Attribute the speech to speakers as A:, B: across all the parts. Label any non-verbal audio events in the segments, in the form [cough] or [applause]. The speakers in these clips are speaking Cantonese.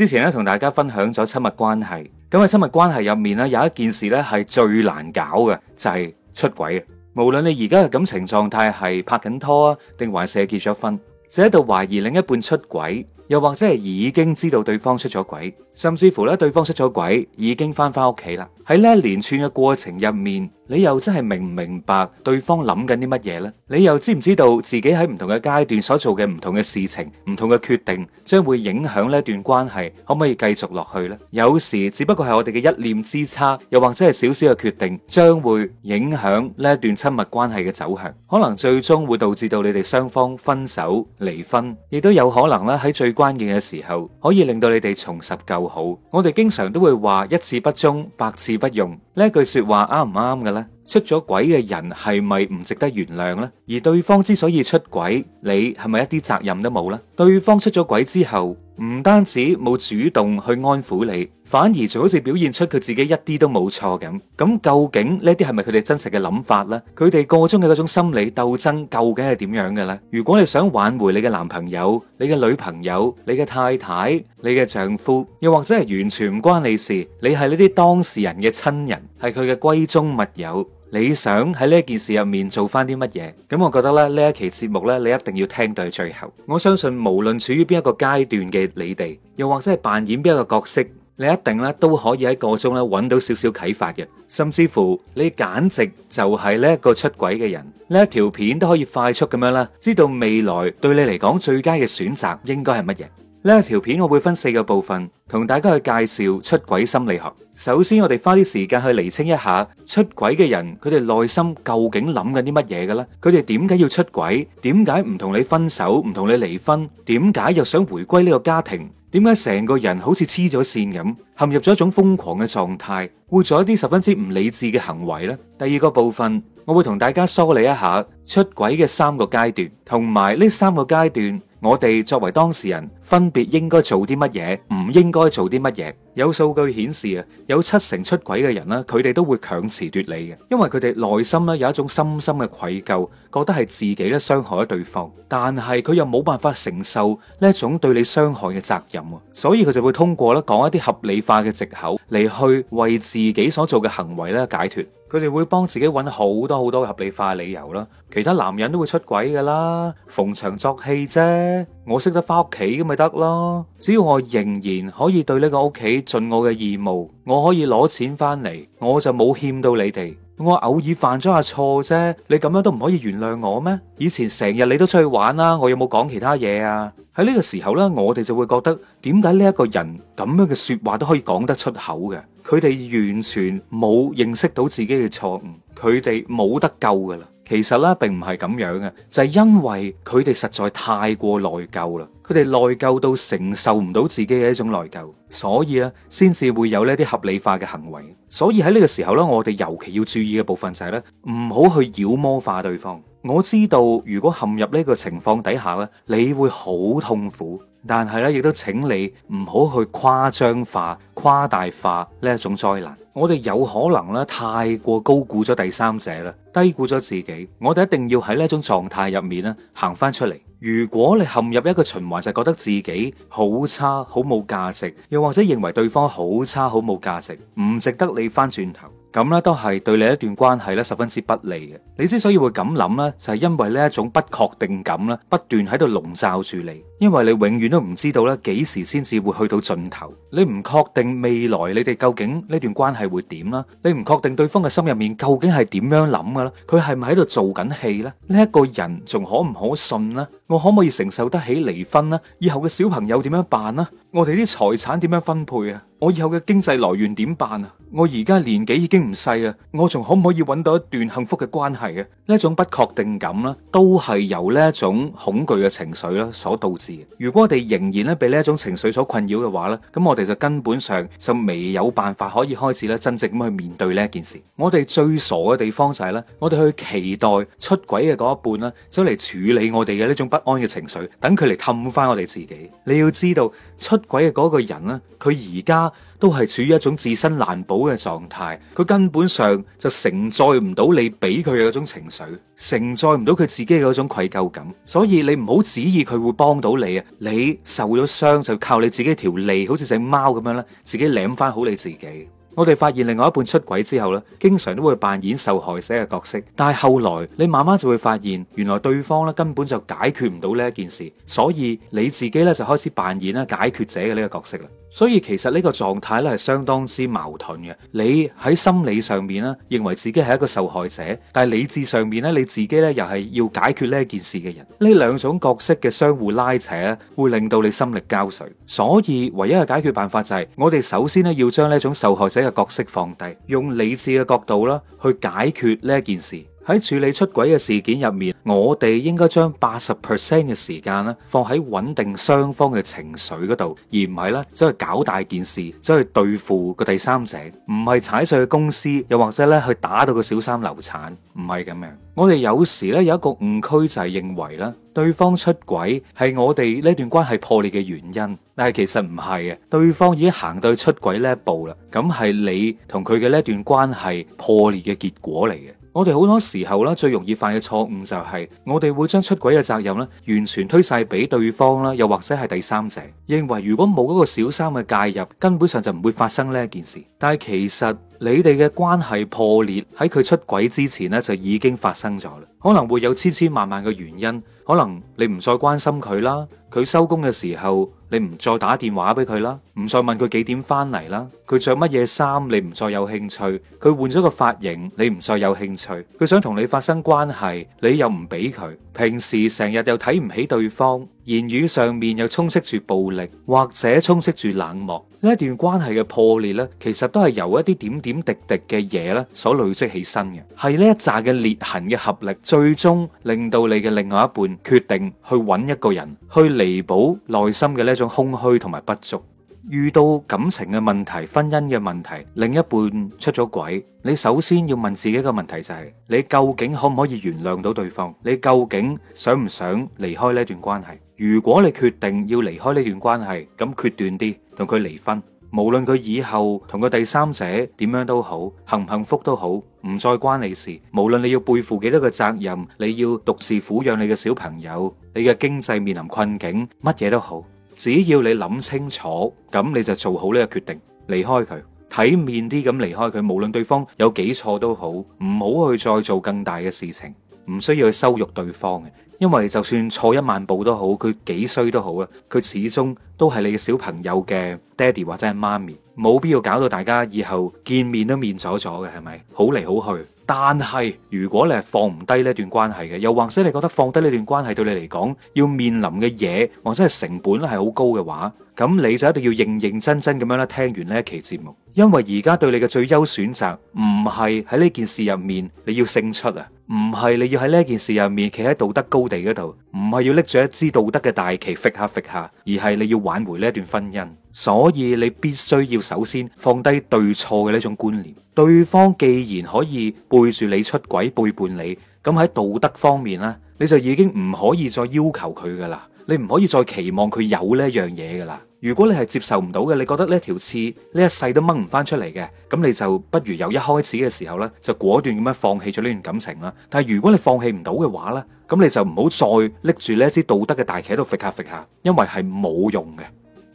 A: 之前咧同大家分享咗親密關係，咁喺親密關係入面咧有一件事咧係最難搞嘅，就係出軌。無論你而家嘅感情狀態係拍緊拖啊，定還是係結咗婚，就喺度懷疑另一半出軌，又或者係已經知道對方出咗軌，甚至乎咧對方出咗軌已經返返屋企啦。喺呢一連串嘅過程入面，你又真係明唔明白對方諗緊啲乜嘢呢？你又知唔知道自己喺唔同嘅階段所做嘅唔同嘅事情、唔同嘅決定，將會影響呢一段關係可唔可以繼續落去呢？有時只不過係我哋嘅一念之差，又或者係少少嘅決定，將會影響呢一段親密關係嘅走向，可能最終會導致到你哋雙方分手離婚，亦都有可能咧喺最關鍵嘅時候，可以令到你哋重拾舊好。我哋經常都會話一次不忠百次。你不用呢句說話啱唔啱嘅咧？出咗軌嘅人係咪唔值得原諒咧？而對方之所以出軌，你係咪一啲責任都冇咧？對方出咗軌之後，唔單止冇主動去安撫你，反而就好似表現出佢自己一啲都冇錯咁。咁究竟呢啲係咪佢哋真實嘅諗法呢？佢哋個中嘅嗰種心理鬥爭究竟係點樣嘅呢？如果你想挽回你嘅男朋友、你嘅女朋友、你嘅太太、你嘅丈夫，又或者係完全唔關你事，你係呢啲當事人嘅親人，係佢嘅閨中密友。你想喺呢件事入面做翻啲乜嘢？咁我覺得咧，呢一期節目呢，你一定要聽到最後。我相信無論處於邊一個階段嘅你哋，又或者係扮演邊一個角色，你一定咧都可以喺個中咧揾到少少啟發嘅。甚至乎你簡直就係呢一個出軌嘅人，呢一條片都可以快速咁樣啦，知道未來對你嚟講最佳嘅選擇應該係乜嘢。呢一條片我會分四個部分同大家去介紹出軌心理學。首先，我哋花啲時間去釐清一下出軌嘅人佢哋內心究竟諗緊啲乜嘢嘅咧？佢哋點解要出軌？點解唔同你分手？唔同你離婚？點解又想回歸呢個家庭？點解成個人好似黐咗線咁，陷入咗一種瘋狂嘅狀態，會做一啲十分之唔理智嘅行為咧？第二個部分我會同大家梳理一下出軌嘅三個階段，同埋呢三個階段。我哋作為當事人，分別應該做啲乜嘢，唔應該做啲乜嘢？有數據顯示啊，有七成出軌嘅人啦，佢哋都會強詞奪理嘅，因為佢哋內心咧有一種深深嘅愧疚，覺得係自己咧傷害咗對方，但係佢又冇辦法承受呢一種對你傷害嘅責任，所以佢就會通過咧講一啲合理化嘅借口嚟去為自己所做嘅行為咧解脱。佢哋會幫自己揾好多好多合理化嘅理由啦，其他男人都會出軌噶啦，逢場作戲啫。我識得翻屋企咁咪得咯，只要我仍然可以對呢個屋企盡我嘅義務，我可以攞錢翻嚟，我就冇欠到你哋。我偶爾犯咗下錯啫，你咁樣都唔可以原諒我咩？以前成日你都出去玩啦，啊，我有冇講其他嘢啊？喺呢個時候呢，我哋就會覺得點解呢一個人咁樣嘅說話都可以講得出口嘅？佢哋完全冇認識到自己嘅錯誤，佢哋冇得救噶啦。其實咧，並唔係咁樣嘅，就係因為佢哋實在太過內疚啦，佢哋內疚到承受唔到自己嘅一種內疚，所以咧，先至會有呢啲合理化嘅行為。所以喺呢個時候咧，我哋尤其要注意嘅部分就係咧，唔好去妖魔化對方。我知道如果陷入呢個情況底下咧，你會好痛苦。但係咧，亦都請你唔好去誇張化、誇大化呢一種災難。我哋有可能咧，太過高估咗第三者啦，低估咗自己。我哋一定要喺呢一種狀態入面咧，行翻出嚟。如果你陷入一個循環，就係覺得自己好差、好冇價值，又或者認為對方好差、好冇價值，唔值得你翻轉頭。咁咧都係對你一段關係咧十分之不利嘅。你之所以會咁諗呢，就係、是、因為呢一種不確定感咧，不斷喺度籠罩住你。因為你永遠都唔知道咧，幾時先至會去到盡頭。你唔確定未來你哋究竟呢段關係會點啦，你唔確定對方嘅心入面究竟係點樣諗㗎啦，佢係咪喺度做緊戲呢？呢一個人仲可唔可信呢？我可唔可以承受得起離婚呢？以後嘅小朋友點樣辦呢？我哋啲財產點樣分配啊？我以後嘅經濟來源點辦啊？我而家年紀已經唔細啦，我仲可唔可以揾到一段幸福嘅關係啊？呢種不確定感啦，都係由呢一種恐懼嘅情緒啦所導致。如果我哋仍然咧被呢一種情緒所困擾嘅話咧，咁我哋就根本上就未有辦法可以開始咧真正咁去面對呢一件事。我哋最傻嘅地方就係咧，我哋去期待出軌嘅嗰一半啦，就嚟處理我哋嘅呢種不。安嘅情緒，等佢嚟氹翻我哋自己。你要知道，出軌嘅嗰個人咧，佢而家都係處於一種自身難保嘅狀態，佢根本上就承載唔到你俾佢嘅嗰種情緒，承載唔到佢自己嘅嗰種愧疚感。所以你唔好指意佢會幫到你啊！你受咗傷就靠你自己條脷，好似隻貓咁樣咧，自己舐翻好你自己。我哋發現另外一半出軌之後咧，經常都會扮演受害者嘅角色，但係後來你慢慢就會發現，原來對方咧根本就解決唔到呢一件事，所以你自己咧就開始扮演咧解決者嘅呢個角色啦。所以其實呢個狀態咧係相當之矛盾嘅，你喺心理上面咧認為自己係一個受害者，但係理智上面咧你自己咧又係要解決呢一件事嘅人，呢兩種角色嘅相互拉扯會令到你心力交瘁。所以唯一嘅解決辦法就係我哋首先咧要將呢一種受害者嘅角色放低，用理智嘅角度啦去解決呢一件事。喺處理出軌嘅事件入面，我哋應該將八十 percent 嘅時間咧放喺穩定雙方嘅情緒嗰度，而唔係咧走去搞大件事，走去對付個第三者，唔係踩碎個公司，又或者咧去打到個小三流產，唔係咁樣。我哋有時咧有一個誤區就係認為啦，對方出軌係我哋呢段關係破裂嘅原因，但係其實唔係啊。對方已經行到出軌呢一步啦，咁係你同佢嘅呢段關係破裂嘅結果嚟嘅。我哋好多時候咧，最容易犯嘅錯誤就係，我哋會將出軌嘅責任咧，完全推晒俾對方啦，又或者係第三者，認為如果冇嗰個小三嘅介入，根本上就唔會發生呢一件事。但係其實你哋嘅關係破裂喺佢出軌之前呢，就已經發生咗啦，可能會有千千萬萬嘅原因，可能。你唔再關心佢啦，佢收工嘅時候你唔再打電話俾佢啦，唔再問佢幾點翻嚟啦，佢着乜嘢衫你唔再有興趣，佢換咗個髮型你唔再有興趣，佢想同你發生關係你又唔俾佢，平時成日又睇唔起對方，言語上面又充斥住暴力或者充斥住冷漠。呢一段關係嘅破裂呢，其實都係由一啲點點滴滴嘅嘢呢所累積起身嘅，係呢一扎嘅裂痕嘅合力，最終令到你嘅另外一半決定。去揾一個人去彌補內心嘅呢種空虛同埋不足，遇到感情嘅問題、婚姻嘅問題，另一半出咗軌，你首先要問自己一個問題就係：你究竟可唔可以原諒到對方？你究竟想唔想離開呢段關係？如果你決定要離開呢段關係，咁決斷啲，同佢離婚，無論佢以後同個第三者點樣都好，幸唔幸福都好。唔再關你事，無論你要背負幾多個責任，你要獨自撫養你嘅小朋友，你嘅經濟面臨困境，乜嘢都好，只要你諗清楚，咁你就做好呢個決定，離開佢，體面啲咁離開佢，無論對方有幾錯都好，唔好去再做更大嘅事情，唔需要去羞辱對方嘅。因為就算錯一萬步都好，佢幾衰都好啊，佢始終都係你小朋友嘅爹哋或者係媽咪，冇必要搞到大家以後見面都面阻阻嘅，係咪？好嚟好去。但係如果你係放唔低呢段關係嘅，又或者你覺得放低呢段關係對你嚟講要面臨嘅嘢或者係成本係好高嘅話，咁你就一定要認認真真咁樣咧聽完呢一期節目，因為而家對你嘅最優選擇唔係喺呢件事入面你要勝出啊。唔係你要喺呢件事入面企喺道德高地嗰度，唔係要拎住一支道德嘅大旗揈下揈下，而係你要挽回呢段婚姻。所以你必須要首先放低對錯嘅呢種觀念。對方既然可以背住你出軌、背叛你，咁喺道德方面呢，你就已經唔可以再要求佢噶啦，你唔可以再期望佢有呢一樣嘢噶啦。如果你係接受唔到嘅，你覺得呢一條刺呢一世都掹唔翻出嚟嘅，咁你就不如由一開始嘅時候呢，就果斷咁樣放棄咗呢段感情啦。但係如果你放棄唔到嘅話呢，咁你就唔好再拎住呢一支道德嘅大旗喺度揈下揈下，因為係冇用嘅。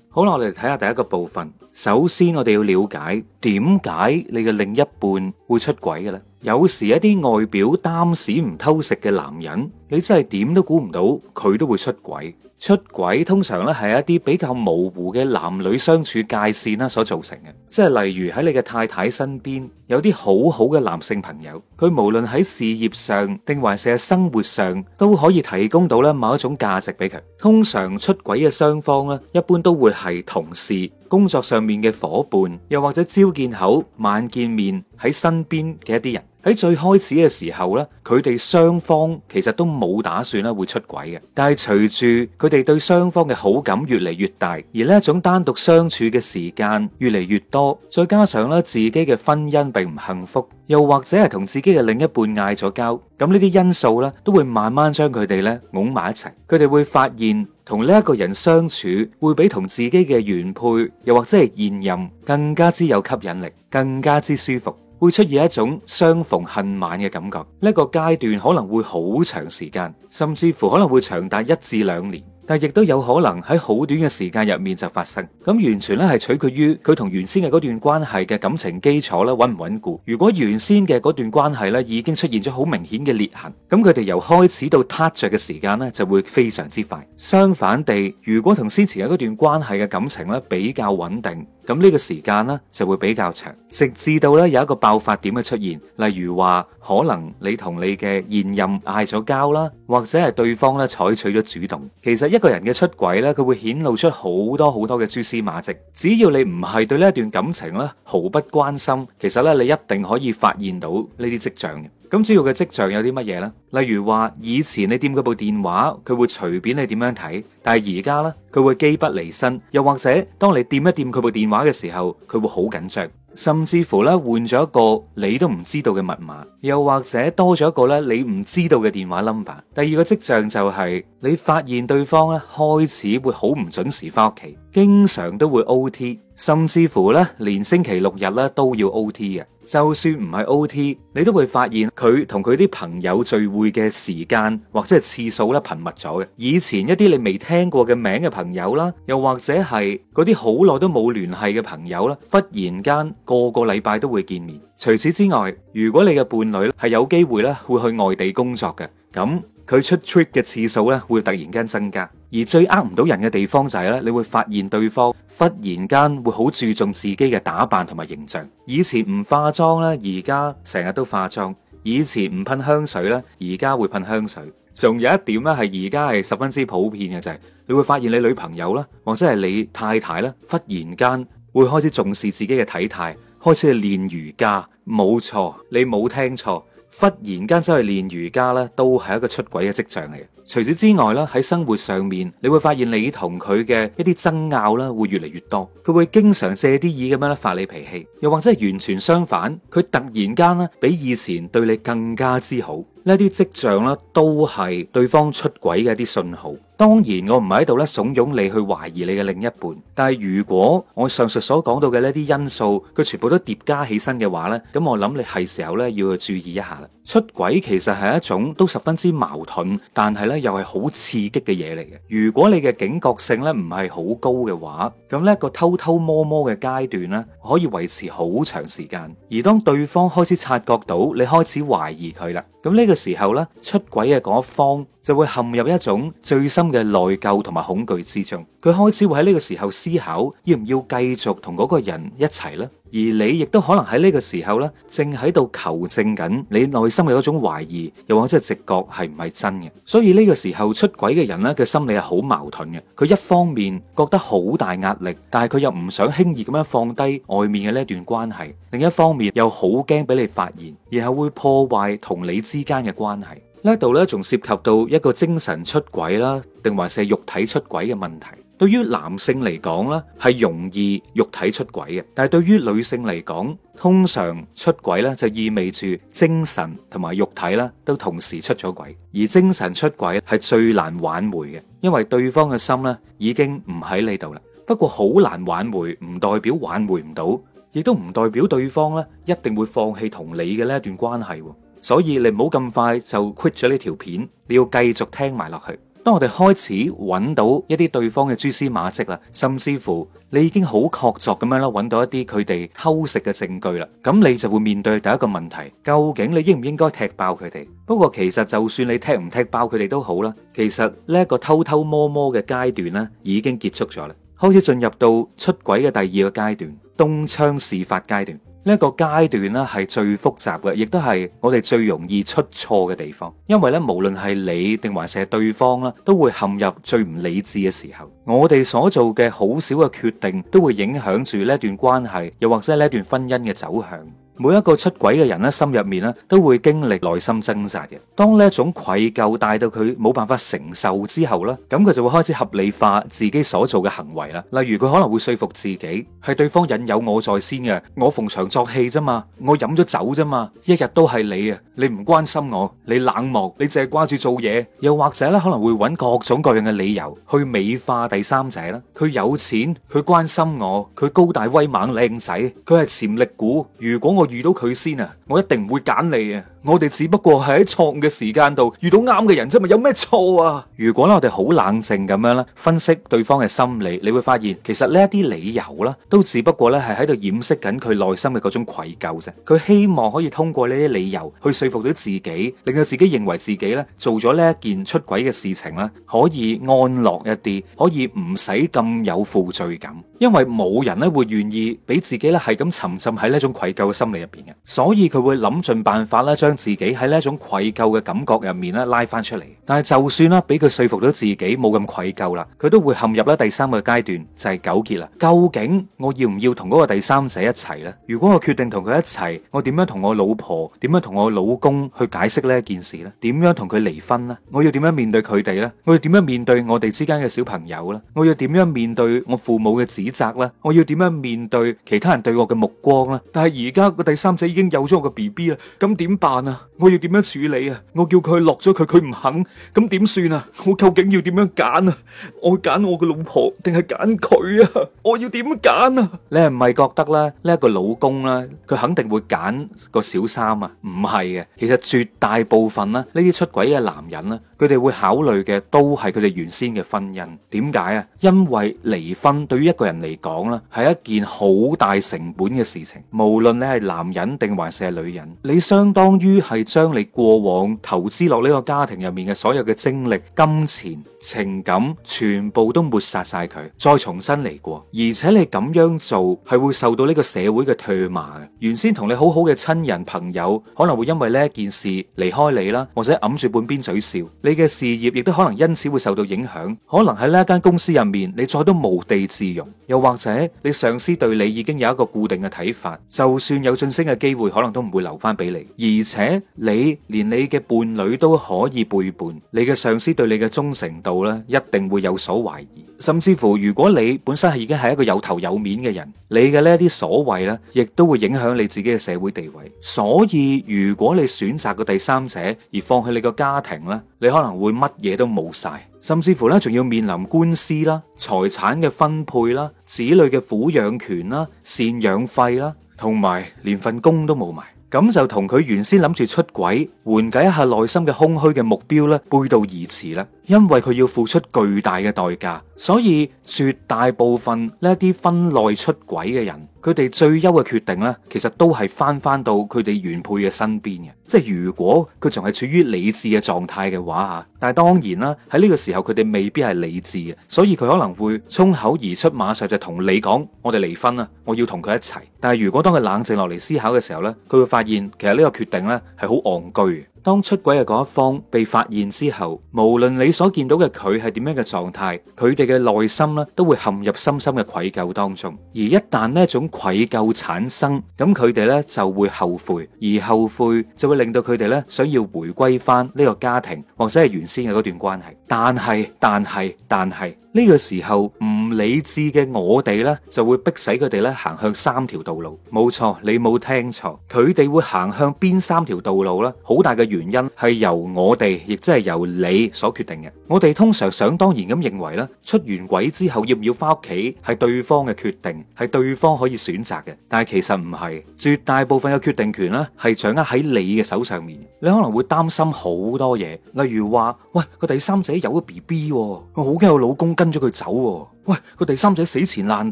A: 好啦，我哋睇下第一個部分。首先，我哋要了解點解你嘅另一半會出軌嘅咧？有時一啲外表擔屎唔偷食嘅男人，你真係點都估唔到佢都會出軌。出軌通常咧係一啲比較模糊嘅男女相處界線啦，所造成嘅，即係例如喺你嘅太太身邊有啲好好嘅男性朋友，佢無論喺事業上定還是喺生活上都可以提供到咧某一種價值俾佢。通常出軌嘅雙方咧，一般都會係同事、工作上面嘅夥伴，又或者朝見口、晚見面喺身邊嘅一啲人。喺最開始嘅時候咧，佢哋雙方其實都冇打算咧會出軌嘅。但係隨住佢哋對雙方嘅好感越嚟越大，而呢一種單獨相處嘅時間越嚟越多，再加上咧自己嘅婚姻並唔幸福，又或者係同自己嘅另一半嗌咗交，咁呢啲因素咧都會慢慢將佢哋咧拱埋一齊。佢哋會發現同呢一個人相處會比同自己嘅原配又或者係現任更加之有吸引力，更加之舒服。會出現一種相逢恨晚嘅感覺，呢、這個階段可能會好長時間，甚至乎可能會長達一至兩年。但係亦都有可能喺好短嘅時間入面就發生，咁完全咧係取決於佢同原先嘅嗰段關係嘅感情基礎咧，穩唔穩固。如果原先嘅嗰段關係咧已經出現咗好明顯嘅裂痕，咁佢哋由開始到撻著嘅時間咧就會非常之快。相反地，如果同先前嘅嗰段關係嘅感情咧比較穩定，咁呢個時間咧就會比較長，直至到咧有一個爆發點嘅出現，例如話可能你同你嘅現任嗌咗交啦，或者係對方咧採取咗主動，其實一一個人嘅出軌呢，佢會顯露出好多好多嘅蛛絲馬跡。只要你唔係對呢一段感情咧毫不關心，其實呢你一定可以發現到呢啲跡象嘅。咁主要嘅跡象有啲乜嘢呢？例如話以前你掂嗰部電話，佢會隨便你點樣睇，但係而家呢佢會機不離身。又或者當你掂一掂佢部電話嘅時候，佢會好緊張。甚至乎咧，換咗一個你都唔知道嘅密碼，又或者多咗一個咧你唔知道嘅電話 number。第二個跡象就係、是、你發現對方咧開始會好唔準時翻屋企，經常都會 OT。甚至乎咧，連星期六日咧都要 OT 嘅。就算唔係 OT，你都會發現佢同佢啲朋友聚會嘅時間或者係次數咧頻密咗嘅。以前一啲你未聽過嘅名嘅朋友啦，又或者係嗰啲好耐都冇聯繫嘅朋友啦，忽然間個個禮拜都會見面。除此之外，如果你嘅伴侶咧係有機會咧會去外地工作嘅，咁。佢出 trick 嘅次數咧會突然間增加，而最呃唔到人嘅地方就係咧，你會發現對方忽然間會好注重自己嘅打扮同埋形象。以前唔化妝咧，而家成日都化妝；以前唔噴香水咧，而家會噴香水。仲有一點咧，係而家係十分之普遍嘅就係，你會發現你女朋友啦，或者係你太太咧，忽然間會開始重視自己嘅體態，開始去練瑜伽。冇錯，你冇聽錯。忽然間走去練瑜伽咧，都係一個出軌嘅跡象嚟嘅。除此之外咧，喺生活上面，你會發現你同佢嘅一啲爭拗啦，會越嚟越多。佢會經常借啲意咁樣咧發你脾氣，又或者係完全相反，佢突然間咧比以前對你更加之好。呢啲跡象咧，都係對方出軌嘅一啲信號。當然，我唔係喺度咧慫恿你去懷疑你嘅另一半。但係，如果我上述所講到嘅呢啲因素，佢全部都疊加起身嘅話呢，咁我諗你係時候咧要去注意一下啦。出軌其實係一種都十分之矛盾，但係咧又係好刺激嘅嘢嚟嘅。如果你嘅警覺性咧唔係好高嘅話，咁呢個偷偷摸摸嘅階段咧可以維持好長時間。而當對方開始察覺到你開始懷疑佢啦。咁呢個時候咧，出軌嘅嗰方就會陷入一種最深嘅內疚同埋恐懼之中。佢開始會喺呢個時候思考，要唔要繼續同嗰個人一齊咧？而你亦都可能喺呢個時候呢正喺度求證緊你內心嘅嗰種懷疑，又或者係直覺係唔係真嘅。所以呢個時候出軌嘅人呢嘅心理係好矛盾嘅。佢一方面覺得好大壓力，但係佢又唔想輕易咁樣放低外面嘅呢段關係；另一方面又好驚俾你發現，然後會破壞同你之間嘅關係。呢度呢，仲涉及到一個精神出軌啦，定還是肉體出軌嘅問題。對於男性嚟講呢，係容易肉體出軌嘅；但係對於女性嚟講，通常出軌呢就意味住精神同埋肉體呢都同時出咗軌，而精神出軌係最難挽回嘅，因為對方嘅心呢已經唔喺呢度啦。不過好難挽回唔代表挽回唔到，亦都唔代表對方呢一定會放棄同你嘅呢一段關係。所以你唔好咁快就 quit 咗呢條片，你要繼續聽埋落去。當我哋開始揾到一啲對方嘅蛛絲馬跡啦，甚至乎你已經好確鑿咁樣啦，揾到一啲佢哋偷食嘅證據啦，咁你就會面對第一個問題：究竟你應唔應該踢爆佢哋？不過其實就算你踢唔踢爆佢哋都好啦，其實呢一個偷偷摸摸嘅階段咧已經結束咗啦，開始進入到出軌嘅第二個階段——東窗事發階段。呢一個階段咧係最複雜嘅，亦都係我哋最容易出錯嘅地方。因為咧，無論係你定還是係對方啦，都會陷入最唔理智嘅時候。我哋所做嘅好少嘅決定，都會影響住呢段關係，又或者呢段婚姻嘅走向。每一個出軌嘅人呢，心入面呢都會經歷內心掙扎嘅。當呢一種愧疚帶到佢冇辦法承受之後呢，咁佢就會開始合理化自己所做嘅行為啦。例如佢可能會說服自己係對方引誘我在先嘅，我逢場作戲咋嘛，我飲咗酒咋嘛，一日都係你啊，你唔關心我，你冷漠，你淨係掛住做嘢。又或者咧，可能會揾各種各樣嘅理由去美化第三者啦。佢有錢，佢關心我，佢高大威猛靚仔，佢係潛力股。如果我遇到佢先啊！我一定唔會揀你啊！我哋只不過係喺錯誤嘅時間度遇到啱嘅人啫，咪有咩錯啊？如果咧我哋好冷靜咁樣咧，分析對方嘅心理，你會發現其實呢一啲理由啦，都只不過咧係喺度掩飾緊佢內心嘅嗰種愧疚啫。佢希望可以通過呢啲理由去說服到自己，令到自己認為自己咧做咗呢一件出軌嘅事情啦，可以安樂一啲，可以唔使咁有負罪感，因為冇人咧會願意俾自己咧係咁沉浸喺呢種愧疚嘅心理入邊嘅，所以佢會諗盡辦法咧將。自己喺呢一種愧疚嘅感覺入面咧，拉翻出嚟。但係就算啦，俾佢說服咗自己冇咁愧疚啦，佢都會陷入啦第三個階段，就係糾結啦。究竟我要唔要同嗰個第三者一齊呢？如果我決定同佢一齊，我點樣同我老婆，點樣同我老公去解釋呢一件事呢？點樣同佢離婚呢？我要點樣面對佢哋呢？我要點樣面對我哋之間嘅小朋友呢？我要點樣面對我父母嘅指責呢？我要點樣面對其他人對我嘅目光呢？但係而家個第三者已經有咗我個 B B 啊，咁點辦啊？我要點樣處理啊？我叫佢落咗佢，佢唔肯。咁點算啊？我究竟要點樣揀啊？我揀我嘅老婆定係揀佢啊？我要點揀啊？你係唔係覺得啦？呢一個老公啦，佢肯定會揀個小三啊？唔係嘅，其實絕大部分啦，呢啲出軌嘅男人啦，佢哋會考慮嘅都係佢哋原先嘅婚姻。點解啊？因為離婚對於一個人嚟講啦，係一件好大成本嘅事情。無論你係男人定還是係女人，你相當於係將你過往投資落呢個家庭入面嘅。所有嘅精力、金錢、情感，全部都抹殺晒佢，再重新嚟過。而且你咁樣做係會受到呢個社會嘅唾罵嘅。原先同你好好嘅親人朋友，可能會因為呢一件事離開你啦，或者揞住半邊嘴笑。你嘅事業亦都可能因此會受到影響。可能喺呢一間公司入面，你再都無地自容。又或者你上司對你已經有一個固定嘅睇法，就算有晉升嘅機會，可能都唔會留翻俾你。而且你連你嘅伴侶都可以背叛。你嘅上司對你嘅忠誠度咧，一定會有所懷疑。甚至乎，如果你本身係已經係一個有頭有面嘅人，你嘅呢一啲所為咧，亦都會影響你自己嘅社會地位。所以，如果你選擇個第三者而放棄你個家庭咧，你可能會乜嘢都冇晒，甚至乎咧，仲要面臨官司啦、財產嘅分配啦、子女嘅撫養權啦、贍養費啦，同埋連份工都冇埋。咁就同佢原先諗住出軌緩解一下內心嘅空虛嘅目標咧背道而馳啦，因為佢要付出巨大嘅代價。所以絕大部分呢一啲婚內出軌嘅人，佢哋最優嘅決定呢，其實都係翻翻到佢哋原配嘅身邊嘅。即係如果佢仲係處於理智嘅狀態嘅話吓，但係當然啦，喺呢個時候佢哋未必係理智嘅，所以佢可能會衝口而出馬上就同、是、你講：我哋離婚啦，我要同佢一齊。但係如果當佢冷靜落嚟思考嘅時候呢，佢會發現其實呢個決定呢，係好戇居。當出軌嘅嗰一方被發現之後，無論你所見到嘅佢係點樣嘅狀態，佢哋嘅內心呢都會陷入深深嘅愧疚當中。而一旦呢一種愧疚產生，咁佢哋呢就會後悔，而後悔就會令到佢哋呢想要回歸翻呢個家庭或者係原先嘅嗰段關係。但係，但係，但係。呢個時候唔理智嘅我哋呢，就會逼使佢哋呢，行向三條道路。冇錯，你冇聽錯，佢哋會行向邊三條道路呢？好大嘅原因係由我哋，亦即係由你所決定嘅。我哋通常想當然咁認為呢，出完軌之後要唔要翻屋企，係對方嘅決定，係對方可以選擇嘅。但係其實唔係，絕大部分嘅決定權呢，係掌握喺你嘅手上面。你可能會擔心好多嘢，例如話喂個第三者有咗 BB，我好驚有老公跟跟咗佢走，哦，喂個第三者死纏爛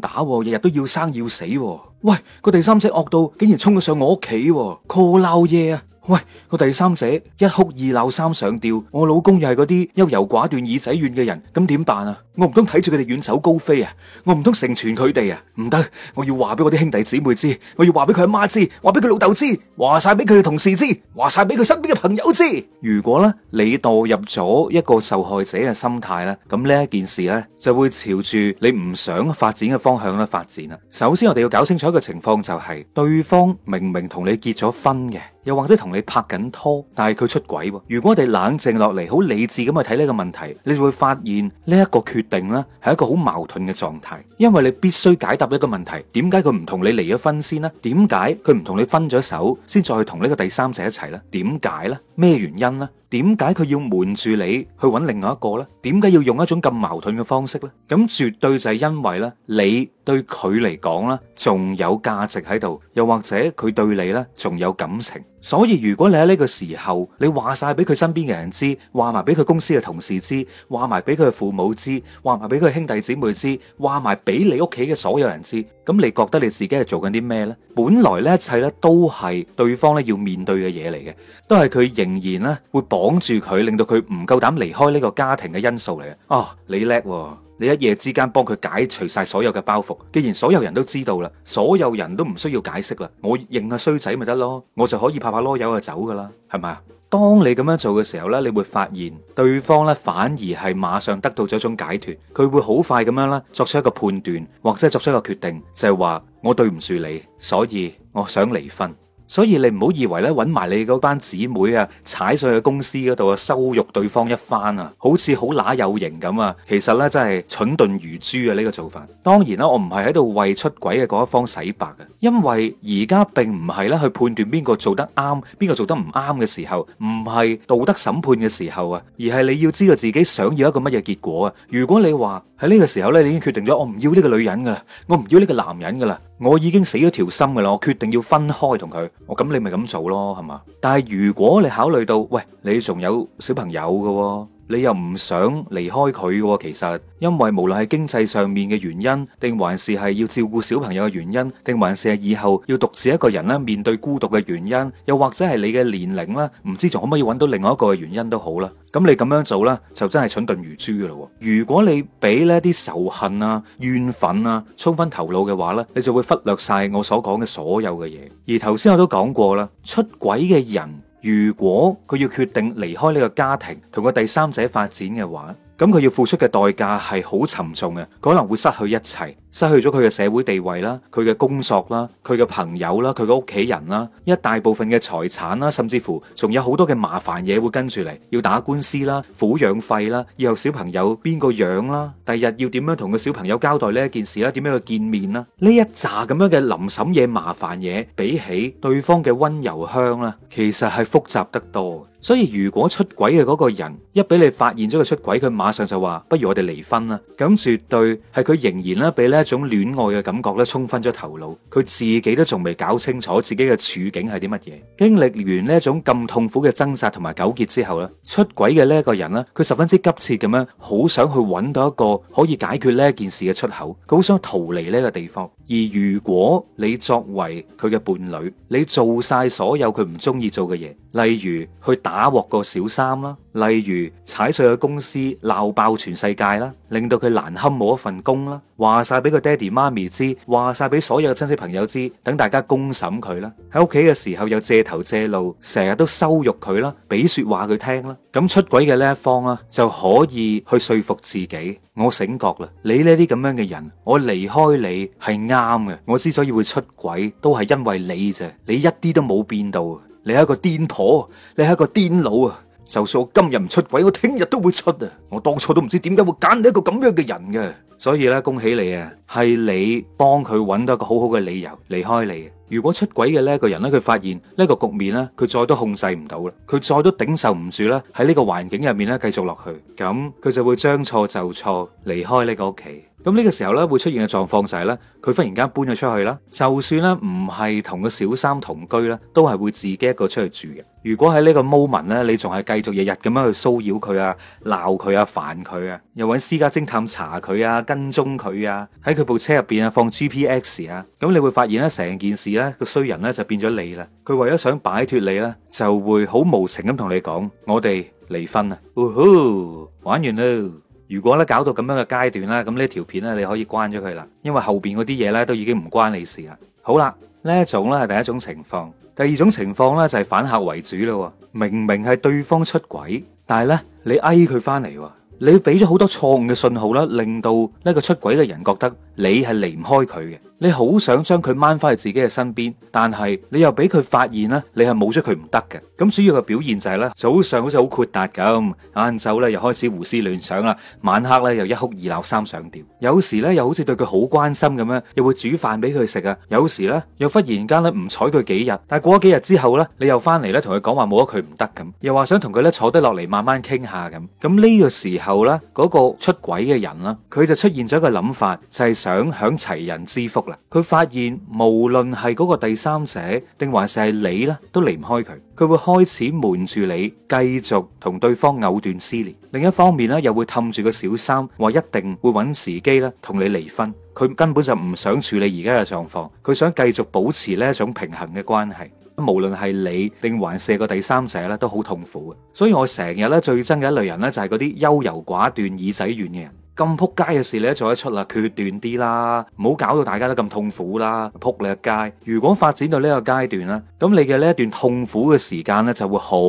A: 打，哦，日日都要生要死，哦，喂個第三者惡到，竟然衝咗上我屋企，call 撈嘢。啊。喂，個第三者一哭二鬧三上吊，我老公又係嗰啲優柔寡斷、耳仔軟嘅人，咁點辦啊？我唔通睇住佢哋遠走高飛啊？我唔通成全佢哋啊？唔得，我要話俾我啲兄弟姊妹知，我要話俾佢阿媽知，話俾佢老豆知，話晒俾佢嘅同事知，話晒俾佢身邊嘅朋友知。如果咧你墮入咗一個受害者嘅心態咧，咁呢一件事咧就會朝住你唔想發展嘅方向咧發展啦。首先我哋要搞清楚一個情況，就是，就係對方明明同你結咗婚嘅。又或者同你拍緊拖，但係佢出軌喎啊。如果我哋冷靜落嚟，好理智咁去睇呢個問題，你就會發現呢一個決定呢係一個好矛盾嘅狀態，因為你必須解答一個問題：點解佢唔同你離咗婚先呢？點解佢唔同你分咗手先再去同呢個第三者一齊呢？點解呢？咩原因呢？點解佢要瞞住你去揾另外一個呢？點解要用一種咁矛盾嘅方式呢？咁絕對就係因為呢，你對佢嚟講呢，仲有價值喺度，又或者佢對你呢，仲有感情。所以如果你喺呢個時候，你話晒俾佢身邊嘅人知，話埋俾佢公司嘅同事知，話埋俾佢父母知，話埋俾佢兄弟姊妹知，話埋俾你屋企嘅所有人知，咁你覺得你自己係做緊啲咩呢？本來呢一切咧都係對方咧要面對嘅嘢嚟嘅，都係佢仍然咧會綁住佢，令到佢唔夠膽離開呢個家庭嘅因素嚟嘅。哦，你叻喎。你一夜之間幫佢解除晒所有嘅包袱，既然所有人都知道啦，所有人都唔需要解釋啦，我認個衰仔咪得咯，我就可以拍拍攞油就走噶啦，係咪啊？當你咁樣做嘅時候呢，你會發現對方呢，反而係馬上得到咗一種解脫，佢會好快咁樣啦作出一個判斷，或者作出一個決定，就係話我對唔住你，所以我想離婚。所以你唔好以為揾埋你嗰班姊妹啊，踩上去公司嗰度啊，羞辱對方一番啊，好似好乸有型咁啊。其實呢，真係蠢鈍如豬啊！呢個做法當然啦、啊，我唔係喺度為出軌嘅嗰一方洗白嘅、啊，因為而家並唔係咧去判斷邊個做得啱，邊個做得唔啱嘅時候，唔係道德審判嘅時候啊，而係你要知道自己想要一個乜嘢結果啊。如果你話，喺呢個時候咧，你已經決定咗，我唔要呢個女人噶啦，我唔要呢個男人噶啦，我已經死咗條心噶啦，我決定要分開同佢。我咁你咪咁做咯，係嘛？但係如果你考慮到，喂，你仲有小朋友噶喎。你又唔想離開佢嘅，其實因為無論係經濟上面嘅原因，定還是係要照顧小朋友嘅原因，定還是係以後要獨自一個人咧面對孤獨嘅原因，又或者係你嘅年齡啦，唔知仲可唔可以揾到另外一個嘅原因都好啦。咁你咁樣做咧，就真係蠢鈍如豬噶咯。如果你俾呢一啲仇恨啊、怨憤啊沖昏頭腦嘅話咧，你就會忽略晒我所講嘅所有嘅嘢。而頭先我都講過啦，出軌嘅人。如果佢要決定離開呢個家庭，同個第三者發展嘅話。咁佢要付出嘅代價係好沉重嘅，可能會失去一切，失去咗佢嘅社會地位啦，佢嘅工作啦，佢嘅朋友啦，佢嘅屋企人啦，一大部分嘅財產啦，甚至乎仲有好多嘅麻煩嘢會跟住嚟，要打官司啦，撫養費啦，以後小朋友邊個養啦，第日要點樣同個小朋友交代呢一件事啦，點樣去見面啦，呢一紮咁樣嘅臨審嘢麻煩嘢，比起對方嘅溫柔鄉啦，其實係複雜得多。所以，如果出軌嘅嗰個人一俾你發現咗佢出軌，佢馬上就話不如我哋離婚啦。咁絕對係佢仍然咧俾呢一種戀愛嘅感覺咧沖昏咗頭腦，佢自己都仲未搞清楚自己嘅處境係啲乜嘢。經歷完呢一種咁痛苦嘅掙扎同埋糾結之後咧，出軌嘅呢一個人咧，佢十分之急切咁樣，好想去揾到一個可以解決呢一件事嘅出口，佢好想逃離呢個地方。而如果你作為佢嘅伴侶，你做晒所有佢唔中意做嘅嘢。例如去打鑊個小三啦，例如踩碎個公司，鬧爆全世界啦，令到佢難堪冇一份工啦，話晒俾個爹哋媽咪知，話晒俾所有親戚朋友知，等大家公審佢啦。喺屋企嘅時候又借頭借路，成日都羞辱佢啦，俾說話佢聽啦。咁出軌嘅呢一方啦，就可以去說服自己，我醒覺啦。你呢啲咁樣嘅人，我離開你係啱嘅。我之所以會出軌，都係因為你啫，你一啲都冇變到。你係一個癲婆，你係一個癲佬啊！就算我今日唔出軌，我聽日都會出啊！我當初都唔知點解會揀你一個咁樣嘅人嘅，所以咧，恭喜你啊，係你幫佢揾到一個好好嘅理由離開你。如果出軌嘅呢個人呢，佢發現呢個局面呢，佢再都控制唔到啦，佢再都頂受唔住啦，喺呢個環境入面咧繼續落去，咁佢就會將錯就錯離開呢個屋企。咁呢個時候呢，會出現嘅狀況就係呢：佢忽然間搬咗出去啦，就算呢唔係同個小三同居啦，都係會自己一個出去住嘅。如果喺呢個 moment 呢，你仲係繼續日日咁樣去騷擾佢啊、鬧佢啊、煩佢啊，又搵私家偵探查佢啊、跟蹤佢啊，喺佢部車入邊啊放 GPS 啊，咁你會發現呢成件事呢個衰人呢就變咗你啦。佢為咗想擺脫你呢，就會好無情咁同你講：我哋離婚啊！嗚、uh、呼，huh，玩完啦！如果咧搞到咁樣嘅階段啦，咁呢條片咧你可以關咗佢啦，因為後邊嗰啲嘢咧都已經唔關你事啦。好啦，呢一種咧係第一種情況，第二種情況呢就係反客為主咯。明明係對方出軌，但係呢你嗌佢翻嚟，你俾咗好多錯誤嘅信號啦，令到呢個出軌嘅人覺得你係離唔開佢嘅。你好想將佢掹翻去自己嘅身邊，但係你又俾佢發現呢你係冇咗佢唔得嘅。咁主要嘅表現就係咧，早上好似好豁達咁，晏晝呢又開始胡思亂想啦，晚黑呢又一哭二鬧三上吊，有時呢又好似對佢好關心咁樣，又會煮飯俾佢食啊，有時呢又忽然間咧唔睬佢幾日，但係過咗幾日之後呢，你又翻嚟咧同佢講話冇咗佢唔得咁，又話想同佢呢坐低落嚟慢慢傾下咁。咁呢個時候呢，嗰個出軌嘅人啦，佢就出現咗一個諗法，就係想享齊人之福。佢發現無論係嗰個第三者定還是係你咧，都離唔開佢。佢會開始瞞住你，繼續同對方藕斷絲連。另一方面咧，又會氹住個小三，話一定會揾時機咧同你離婚。佢根本就唔想處理而家嘅狀況，佢想繼續保持呢一種平衡嘅關係。無論係你定還是個第三者咧，都好痛苦嘅。所以我成日咧最憎嘅一類人咧，就係嗰啲優柔寡斷、耳仔軟嘅人。咁撲街嘅事你都做得出啦，決斷啲啦，唔好搞到大家都咁痛苦啦，撲你一街！如果發展到呢個階段咧，咁你嘅呢一段痛苦嘅時間咧就會好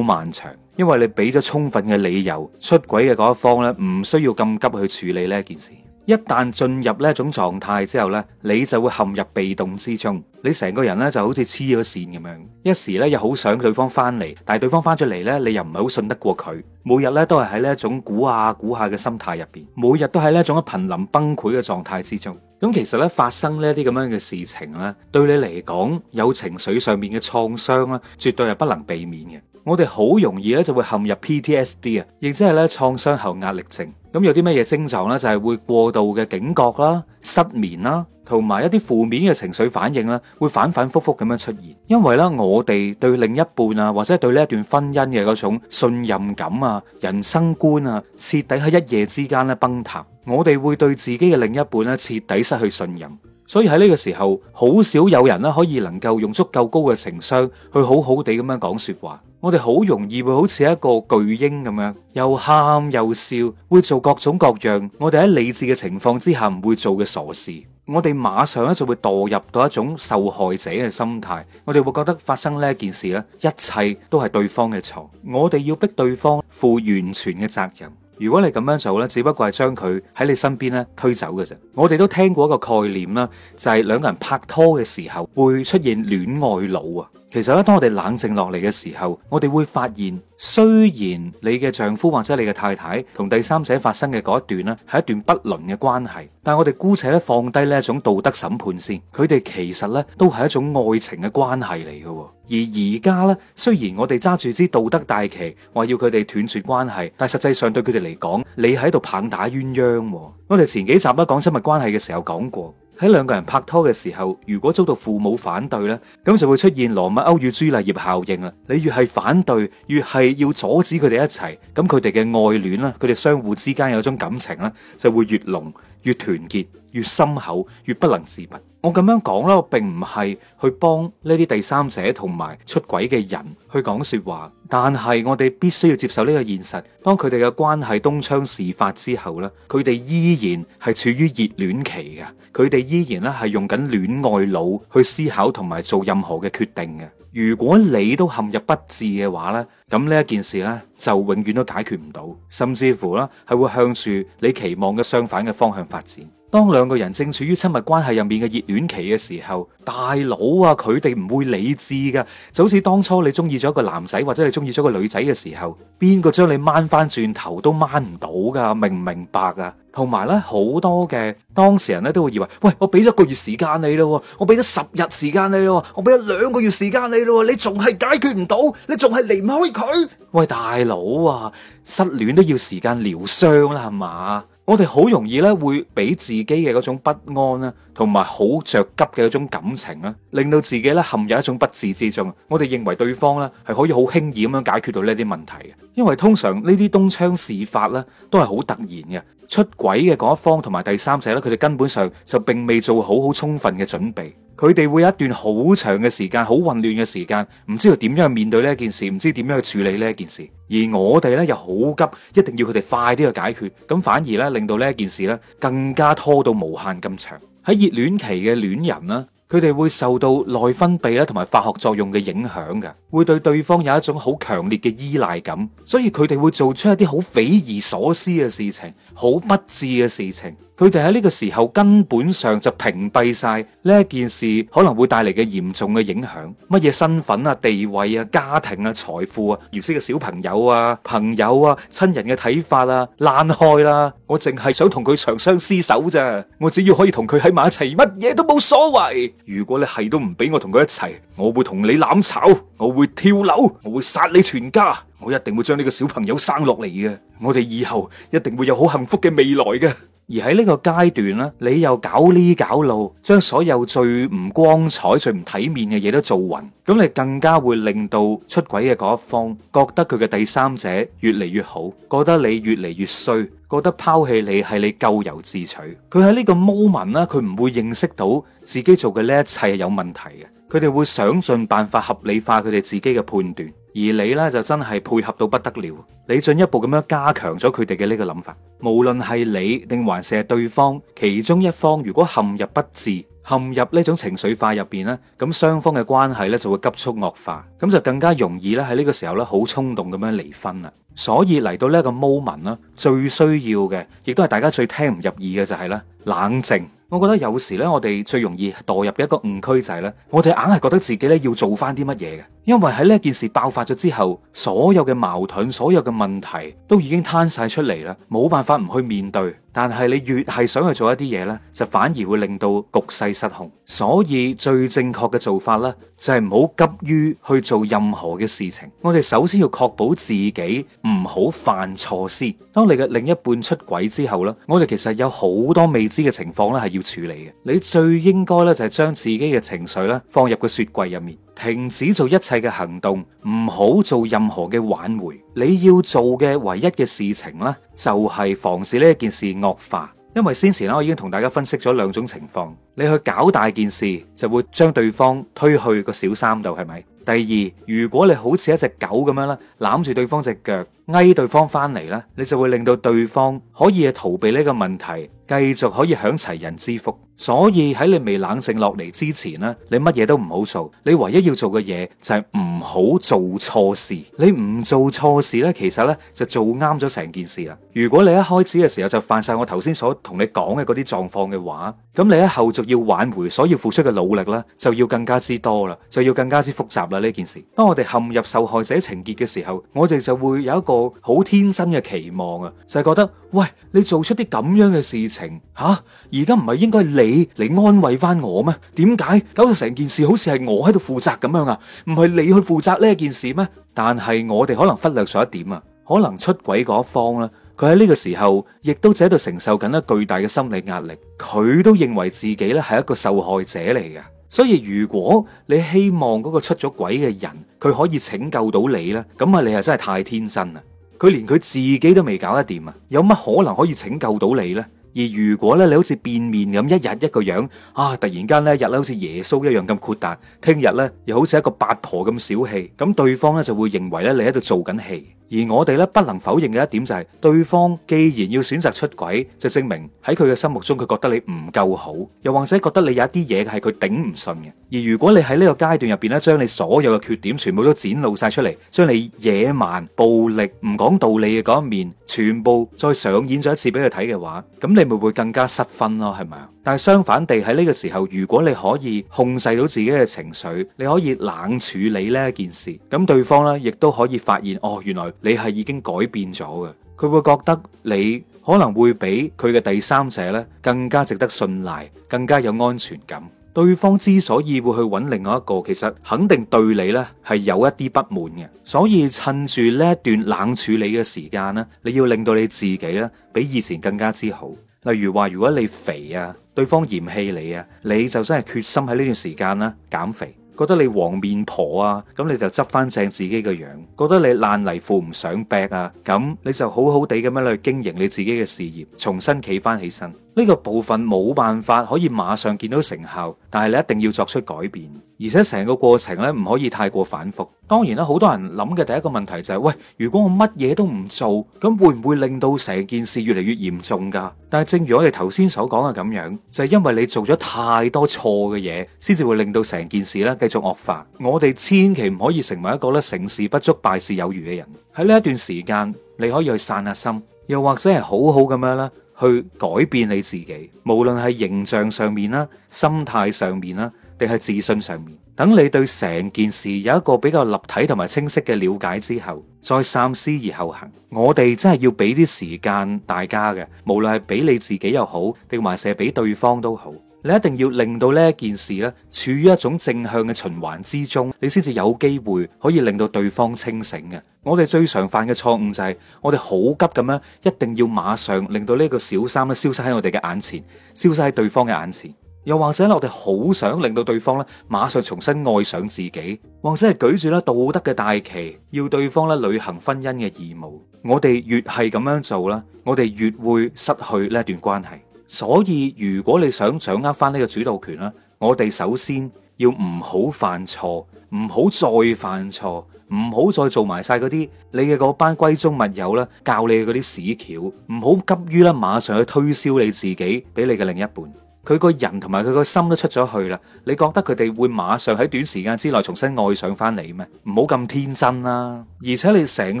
A: 漫長，因為你俾咗充分嘅理由，出軌嘅嗰一方咧唔需要咁急去處理呢一件事。一旦進入呢一種狀態之後呢，你就會陷入被動之中，你成個人呢就好似黐咗線咁樣，一時呢又好想對方翻嚟，但係對方翻咗嚟呢，你又唔係好信得過佢，每日呢都係喺呢一種估下估下嘅心態入邊，每日都喺呢一種瀕臨崩潰嘅狀態之中。咁其實呢發生呢啲咁樣嘅事情呢，對你嚟講有情緒上面嘅創傷啦，絕對係不能避免嘅。我哋好容易呢就會陷入 PTSD 啊，亦即係呢創傷後壓力症。咁有啲乜嘢症狀呢？就係會過度嘅警覺啦、失眠啦，同埋一啲負面嘅情緒反應咧，會反反复复咁樣出現。因為咧，我哋對另一半啊，或者對呢一段婚姻嘅嗰種信任感啊、人生觀啊，徹底喺一夜之間咧崩塌。我哋會對自己嘅另一半咧，徹底失去信任。所以喺呢個時候，好少有人咧可以能夠用足夠高嘅情商去好好地咁樣講說話。我哋好容易會好似一個巨嬰咁樣，又喊又笑，會做各種各樣我哋喺理智嘅情況之下唔會做嘅傻事。我哋馬上咧就會墮入到一種受害者嘅心態。我哋會覺得發生呢件事咧，一切都係對方嘅錯。我哋要逼對方負完全嘅責任。如果你咁樣做咧，只不過係將佢喺你身邊咧推走嘅啫。我哋都聽過一個概念啦，就係兩個人拍拖嘅時候會出現戀愛腦啊。其實咧，當我哋冷靜落嚟嘅時候，我哋會發現，雖然你嘅丈夫或者你嘅太太同第三者發生嘅嗰一段咧，係一段不倫嘅關係，但係我哋姑且咧放低呢一種道德審判先，佢哋其實咧都係一種愛情嘅關係嚟嘅。而而家呢，雖然我哋揸住支道德大旗，話要佢哋斷絕關係，但係實際上對佢哋嚟講，你喺度棒打鴛鴦啊。我哋前幾集咧講親密關係嘅時候講過。喺兩個人拍拖嘅時候，如果遭到父母反對呢，咁就會出現羅密歐與朱麗葉效應啦。你越係反對，越係要阻止佢哋一齊，咁佢哋嘅愛戀啦，佢哋相互之間有種感情呢就會越濃、越團結、越深厚、越不能自拔。我咁樣講啦，我並唔係去幫呢啲第三者同埋出軌嘅人去講說話，但係我哋必須要接受呢個現實。當佢哋嘅關係東窗事發之後咧，佢哋依然係處於熱戀期嘅，佢哋依然咧係用緊戀愛腦去思考同埋做任何嘅決定嘅。如果你都陷入不智嘅話咧，咁呢一件事咧就永遠都解決唔到，甚至乎咧係會向住你期望嘅相反嘅方向發展。當兩個人正處於親密關係入面嘅熱戀期嘅時候，大佬啊，佢哋唔會理智噶，就好似當初你中意咗一個男仔或者你中意咗個女仔嘅時候，邊個將你掹翻轉頭都掹唔到噶，明唔明白啊？同埋呢，好多嘅當事人咧都會以為，喂，我俾咗一個月時間你咯，我俾咗十日時間你咯，我俾咗兩個月時間你咯，你仲係解決唔到，你仲係離唔開佢？喂，大佬啊，失戀都要時間療傷啦，係嘛？我哋好容易咧，會俾自己嘅嗰種不安啦，同埋好着急嘅嗰種感情啦，令到自己咧陷入一種不治之中。我哋認為對方咧係可以好輕易咁樣解決到呢啲問題嘅，因為通常呢啲東窗事發咧都係好突然嘅，出軌嘅嗰一方同埋第三者咧，佢哋根本上就並未做好好充分嘅準備，佢哋會有一段好長嘅時間，好混亂嘅時間，唔知道點樣去面對呢一件事，唔知點樣去處理呢一件事。而我哋咧又好急，一定要佢哋快啲去解決，咁反而咧令到呢一件事咧更加拖到無限咁長。喺熱戀期嘅戀人啦，佢哋會受到內分泌啦同埋化學作用嘅影響嘅，會對對方有一種好強烈嘅依賴感，所以佢哋會做出一啲好匪夷所思嘅事情，好不智嘅事情。佢哋喺呢個時候根本上就屏蔽晒呢一件事可能會帶嚟嘅嚴重嘅影響，乜嘢身份啊、地位啊、家庭啊、財富啊，原先嘅小朋友啊、朋友啊、親人嘅睇法啊，爛開啦、啊，我淨係想同佢長相厮守咋。我只要可以同佢喺埋一齊，乜嘢都冇所謂。如果你係都唔俾我同佢一齊，我會同你攬炒，我會跳樓，我會殺你全家，我一定會將呢個小朋友生落嚟嘅，我哋以後一定會有好幸福嘅未來嘅。而喺呢個階段咧，你又搞呢搞路，將所有最唔光彩、最唔體面嘅嘢都做勻，咁你更加會令到出軌嘅嗰一方覺得佢嘅第三者越嚟越好，覺得你越嚟越衰，覺得拋棄你係你咎由自取。佢喺呢個 moment 呢，佢唔會認識到自己做嘅呢一切係有問題嘅，佢哋會想盡辦法合理化佢哋自己嘅判斷。而你咧就真係配合到不得了，你進一步咁樣加強咗佢哋嘅呢個諗法。無論係你定還是係對方，其中一方如果陷入不智、陷入呢種情緒化入邊咧，咁雙方嘅關係咧就會急速惡化，咁就更加容易咧喺呢個時候咧好衝動咁樣離婚啦。所以嚟到呢一個 moment 啦，最需要嘅，亦都係大家最聽唔入耳嘅就係咧冷靜。我覺得有時咧，我哋最容易墮入一個誤區就係咧，我哋硬係覺得自己咧要做翻啲乜嘢嘅，因為喺呢件事爆發咗之後，所有嘅矛盾、所有嘅問題都已經攤曬出嚟啦，冇辦法唔去面對。但係你越係想去做一啲嘢，呢，就反而會令到局勢失控。所以最正確嘅做法呢，就係唔好急於去做任何嘅事情。我哋首先要確保自己唔好犯錯先。當你嘅另一半出軌之後呢，我哋其實有好多未知嘅情況呢係要處理嘅。你最應該呢，就係將自己嘅情緒呢，放入個雪櫃入面。停止做一切嘅行動，唔好做任何嘅挽回。你要做嘅唯一嘅事情呢，就係防止呢件事惡化。因為先前我已經同大家分析咗兩種情況，你去搞大件事就會將對方推去個小三度，係咪？第二，如果你好似一隻狗咁樣啦，攬住對方隻腳。嗌對方翻嚟咧，你就會令到對方可以逃避呢個問題，繼續可以享齊人之福。所以喺你未冷靜落嚟之前呢，你乜嘢都唔好做。你唯一要做嘅嘢就係唔好做錯事。你唔做錯事呢，其實呢就做啱咗成件事啦！如果你一開始嘅時候就犯晒我頭先所同你講嘅嗰啲狀況嘅話，咁你一後續要挽回所要付出嘅努力呢，就要更加之多啦，就要更加之複雜啦呢件事。當我哋陷入受害者情結嘅時候，我哋就會有一個。好天真嘅期望啊，就係覺得，喂，你做出啲咁樣嘅事情吓，而家唔係應該你嚟安慰翻我咩？點解搞到成件事好似係我喺度負責咁樣啊？唔係你去負責呢一件事咩？但係我哋可能忽略咗一點啊，可能出軌嗰一方啦，佢喺呢個時候亦都係喺度承受緊一個巨大嘅心理壓力，佢都認為自己咧係一個受害者嚟嘅。所以如果你希望嗰個出咗軌嘅人佢可以拯救到你呢？咁啊你係真係太天真啦！佢連佢自己都未搞得掂啊，有乜可能可以拯救到你呢？而如果咧你好似變面咁，一日一個樣啊，突然間呢，日咧好似耶穌一樣咁豁達，聽日呢又好似一個八婆咁小氣，咁對方呢就會認為呢，你喺度做緊戲。而我哋咧不能否認嘅一點就係，對方既然要選擇出軌，就證明喺佢嘅心目中，佢覺得你唔夠好，又或者覺得你有一啲嘢係佢頂唔順嘅。而如果你喺呢個階段入邊咧，將你所有嘅缺點全部都展露晒出嚟，將你野蠻、暴力、唔講道理嘅嗰一面，全部再上演咗一次俾佢睇嘅話，咁你咪會更加失分咯，係咪啊？但係相反地喺呢個時候，如果你可以控制到自己嘅情緒，你可以冷處理呢一件事，咁對方呢，亦都可以發現哦，原來你係已經改變咗嘅，佢會覺得你可能會比佢嘅第三者呢更加值得信賴，更加有安全感。對方之所以會去揾另外一個，其實肯定對你呢係有一啲不滿嘅，所以趁住呢一段冷處理嘅時間呢，你要令到你自己呢比以前更加之好。例如話，如果你肥啊，對方嫌棄你啊，你就真係決心喺呢段時間啦減肥，覺得你黃面婆啊，咁你就執翻正自己嘅樣；覺得你爛泥扶唔上壁啊，咁你就好好地咁樣去經營你自己嘅事業，重新企翻起身。呢個部分冇辦法可以馬上見到成效，但係你一定要作出改變，而且成個過程咧唔可以太過反覆。當然啦，好多人諗嘅第一個問題就係：喂，如果我乜嘢都唔做，咁會唔會令到成件事越嚟越嚴重噶？但係正如我哋頭先所講嘅咁樣，就係因為你做咗太多錯嘅嘢，先至會令到成件事咧繼續惡化。我哋千祈唔可以成為一個咧成事不足敗事有餘嘅人。喺呢一段時間，你可以去散下心，又或者係好好咁樣啦。去改變你自己，無論係形象上面啦、心態上面啦，定係自信上面。等你對成件事有一個比較立體同埋清晰嘅了解之後，再三思而後行。我哋真係要俾啲時間大家嘅，無論係俾你自己又好，定係俾對方都好。你一定要令到呢一件事咧處於一種正向嘅循環之中，你先至有機會可以令到對方清醒嘅。我哋最常犯嘅錯誤就係，我哋好急咁樣，一定要馬上令到呢個小三咧消失喺我哋嘅眼前，消失喺對方嘅眼前。又或者我哋好想令到對方咧馬上重新愛上自己，或者係舉住咧道德嘅大旗，要對方咧履行婚姻嘅義務。我哋越係咁樣做咧，我哋越會失去呢段關係。所以如果你想掌握翻呢個主導權啦，我哋首先。要唔好犯錯，唔好再犯錯，唔好再做埋晒嗰啲你嘅嗰班閨中密友啦，教你嗰啲屎橋。唔好急於啦，馬上去推銷你自己俾你嘅另一半。佢個人同埋佢個心都出咗去啦。你覺得佢哋會馬上喺短時間之內重新愛上翻你咩？唔好咁天真啦，啊。而且你成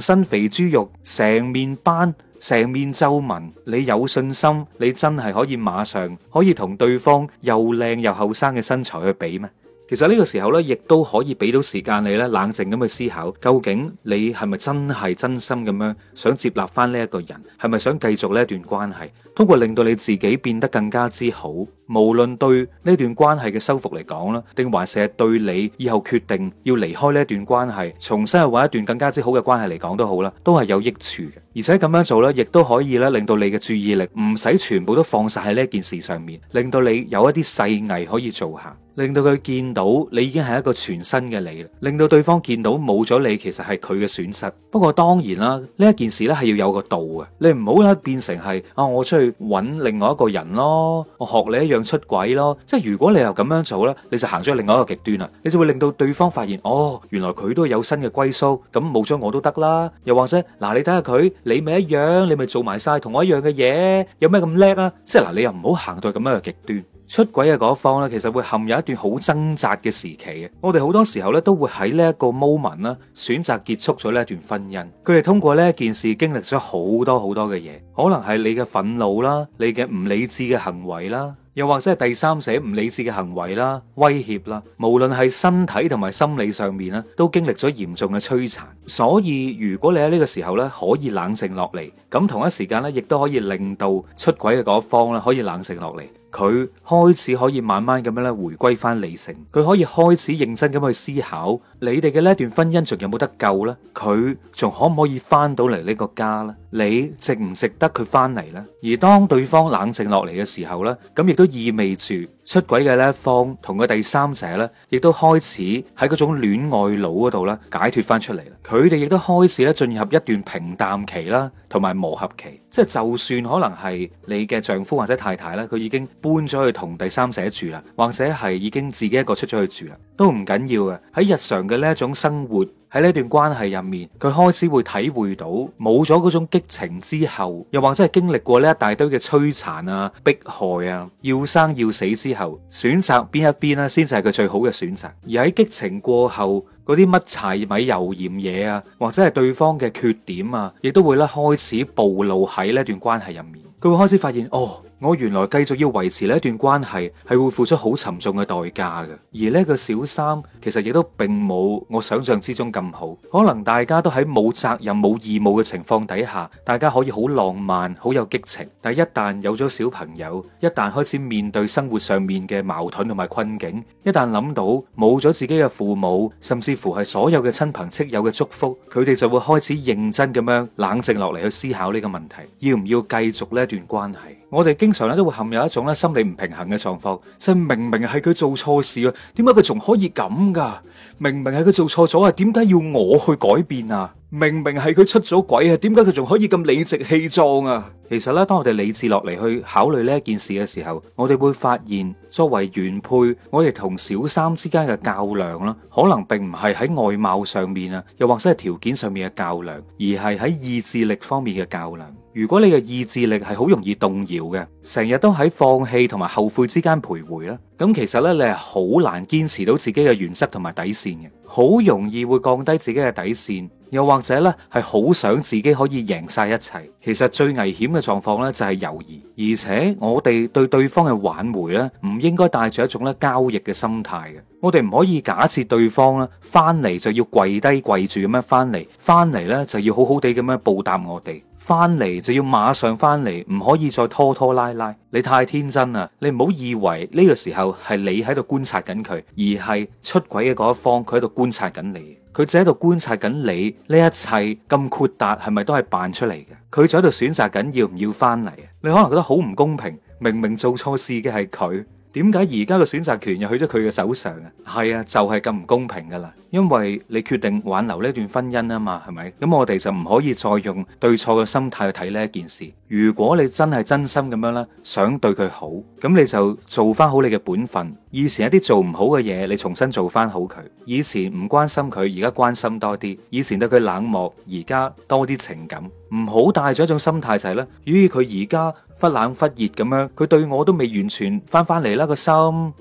A: 身肥豬肉，成面斑，成面皺紋，你有信心你真係可以馬上可以同對方又靚又後生嘅身材去比咩？其實呢個時候呢，亦都可以俾到時間你呢，冷靜咁去思考，究竟你係咪真係真心咁樣想接納返呢一個人，係咪 [noise] 想繼續呢一段關係？通過令到你自己變得更加之好，無論對呢段關係嘅修復嚟講啦，定還是係對你以後決定要離開呢一段關係，重新去搵一段更加之好嘅關係嚟講都好啦，都係有益處嘅。而且咁樣做咧，亦都可以咧令到你嘅注意力唔使全部都放晒喺呢一件事上面，令到你有一啲細藝可以做下，令到佢見到你已經係一個全新嘅你，令到對方見到冇咗你其實係佢嘅損失。不過當然啦，呢一件事咧係要有個度嘅，你唔好咧變成係啊、哦、我出去。揾另外一個人咯，我學你一樣出軌咯，即係如果你又咁樣做呢，你就行咗另外一個極端啦，你就會令到對方發現哦，原來佢都有新嘅歸宿，咁冇咗我都得啦。又或者嗱，你睇下佢，你咪一樣，你咪做埋晒同我一樣嘅嘢，有咩咁叻啊？即係嗱，你又唔好行到咁樣嘅極端。出軌嘅嗰方咧，其實會陷入一段好掙扎嘅時期。我哋好多時候咧，都會喺呢一個 moment 啦，選擇結束咗呢一段婚姻。佢哋通過呢一件事，經歷咗好多好多嘅嘢，可能係你嘅憤怒啦，你嘅唔理智嘅行為啦，又或者係第三者唔理智嘅行為啦，威脅啦，無論係身體同埋心理上面咧，都經歷咗嚴重嘅摧殘。所以如果你喺呢個時候咧，可以冷靜落嚟，咁同一時間咧，亦都可以令到出軌嘅嗰方咧，可以冷靜落嚟。佢開始可以慢慢咁樣咧，回歸翻理性。佢可以開始認真咁去思考，你哋嘅呢段婚姻仲有冇得救呢？佢仲可唔可以翻到嚟呢個家呢？你值唔值得佢翻嚟呢？而當對方冷靜落嚟嘅時候呢，咁亦都意味住出軌嘅呢一方同個第三者呢，亦都開始喺嗰種戀愛腦嗰度咧解脱翻出嚟啦。佢哋亦都開始咧進入一段平淡期啦，同埋磨合期。即係就算可能係你嘅丈夫或者太太咧，佢已經搬咗去同第三者住啦，或者係已經自己一個出咗去住啦。都唔緊要嘅，喺日常嘅呢一種生活，喺呢段關係入面，佢開始會體會到冇咗嗰種激情之後，又或者係經歷過呢一大堆嘅摧殘啊、迫害啊、要生要死之後，選擇邊一邊咧、啊，先就係佢最好嘅選擇。而喺激情過後。嗰啲乜柴米油鹽嘢啊，或者係對方嘅缺點啊，亦都會咧開始暴露喺呢段關係入面。佢會開始發現，哦，我原來繼續要維持呢一段關係係會付出好沉重嘅代價嘅。而呢個小三其實亦都並冇我想像之中咁好。可能大家都喺冇責任、冇義務嘅情況底下，大家可以好浪漫、好有激情。但係一旦有咗小朋友，一旦開始面對生活上面嘅矛盾同埋困境，一旦諗到冇咗自己嘅父母，甚至似乎係所有嘅親朋戚友嘅祝福，佢哋就會開始認真咁樣冷靜落嚟去思考呢個問題，要唔要繼續呢一段關係？我哋經常咧都會陷入一種咧心理唔平衡嘅狀況，即係明明係佢做錯事，點解佢仲可以咁噶？明明係佢做錯咗啊，點解要我去改變啊？明明係佢出咗軌啊，點解佢仲可以咁理直氣壯啊？其實咧，當我哋理智落嚟去考慮呢一件事嘅時候，我哋會發現，作為原配，我哋同小三之間嘅較量啦，可能並唔係喺外貌上面啊，又或者係條件上面嘅較量，而係喺意志力方面嘅較量。如果你嘅意志力係好容易動搖嘅，成日都喺放棄同埋後悔之間徘徊啦，咁其實呢，你係好難堅持到自己嘅原則同埋底線嘅，好容易會降低自己嘅底線。又或者咧，係好想自己可以贏晒一切。其實最危險嘅狀況咧，就係猶豫。而且我哋對對方嘅挽回咧，唔應該帶住一種咧交易嘅心態嘅。我哋唔可以假設對方咧翻嚟就要跪低，跪住咁樣翻嚟，翻嚟咧就要好好地咁樣報答我哋。翻嚟就要馬上翻嚟，唔可以再拖拖拉拉。你太天真啦！你唔好以為呢個時候係你喺度觀察緊佢，而係出軌嘅嗰一方佢喺度觀察緊你。佢就喺度觀察緊你呢一切咁豁達，係咪都係扮出嚟嘅？佢就喺度選擇緊要唔要翻嚟啊！你可能覺得好唔公平，明明做錯事嘅係佢，點解而家嘅選擇權又去咗佢嘅手上啊？係啊，就係咁唔公平噶啦！因為你決定挽留呢段婚姻啊嘛，係咪？咁我哋就唔可以再用對錯嘅心態去睇呢一件事。如果你真係真心咁樣咧，想對佢好，咁你就做翻好你嘅本分。以前一啲做唔好嘅嘢，你重新做翻好佢。以前唔關心佢，而家關心多啲。以前對佢冷漠，而家多啲情感。唔好帶咗一種心態就係咧，咦？佢而家忽冷忽熱咁樣，佢對我都未完全翻翻嚟啦，個心。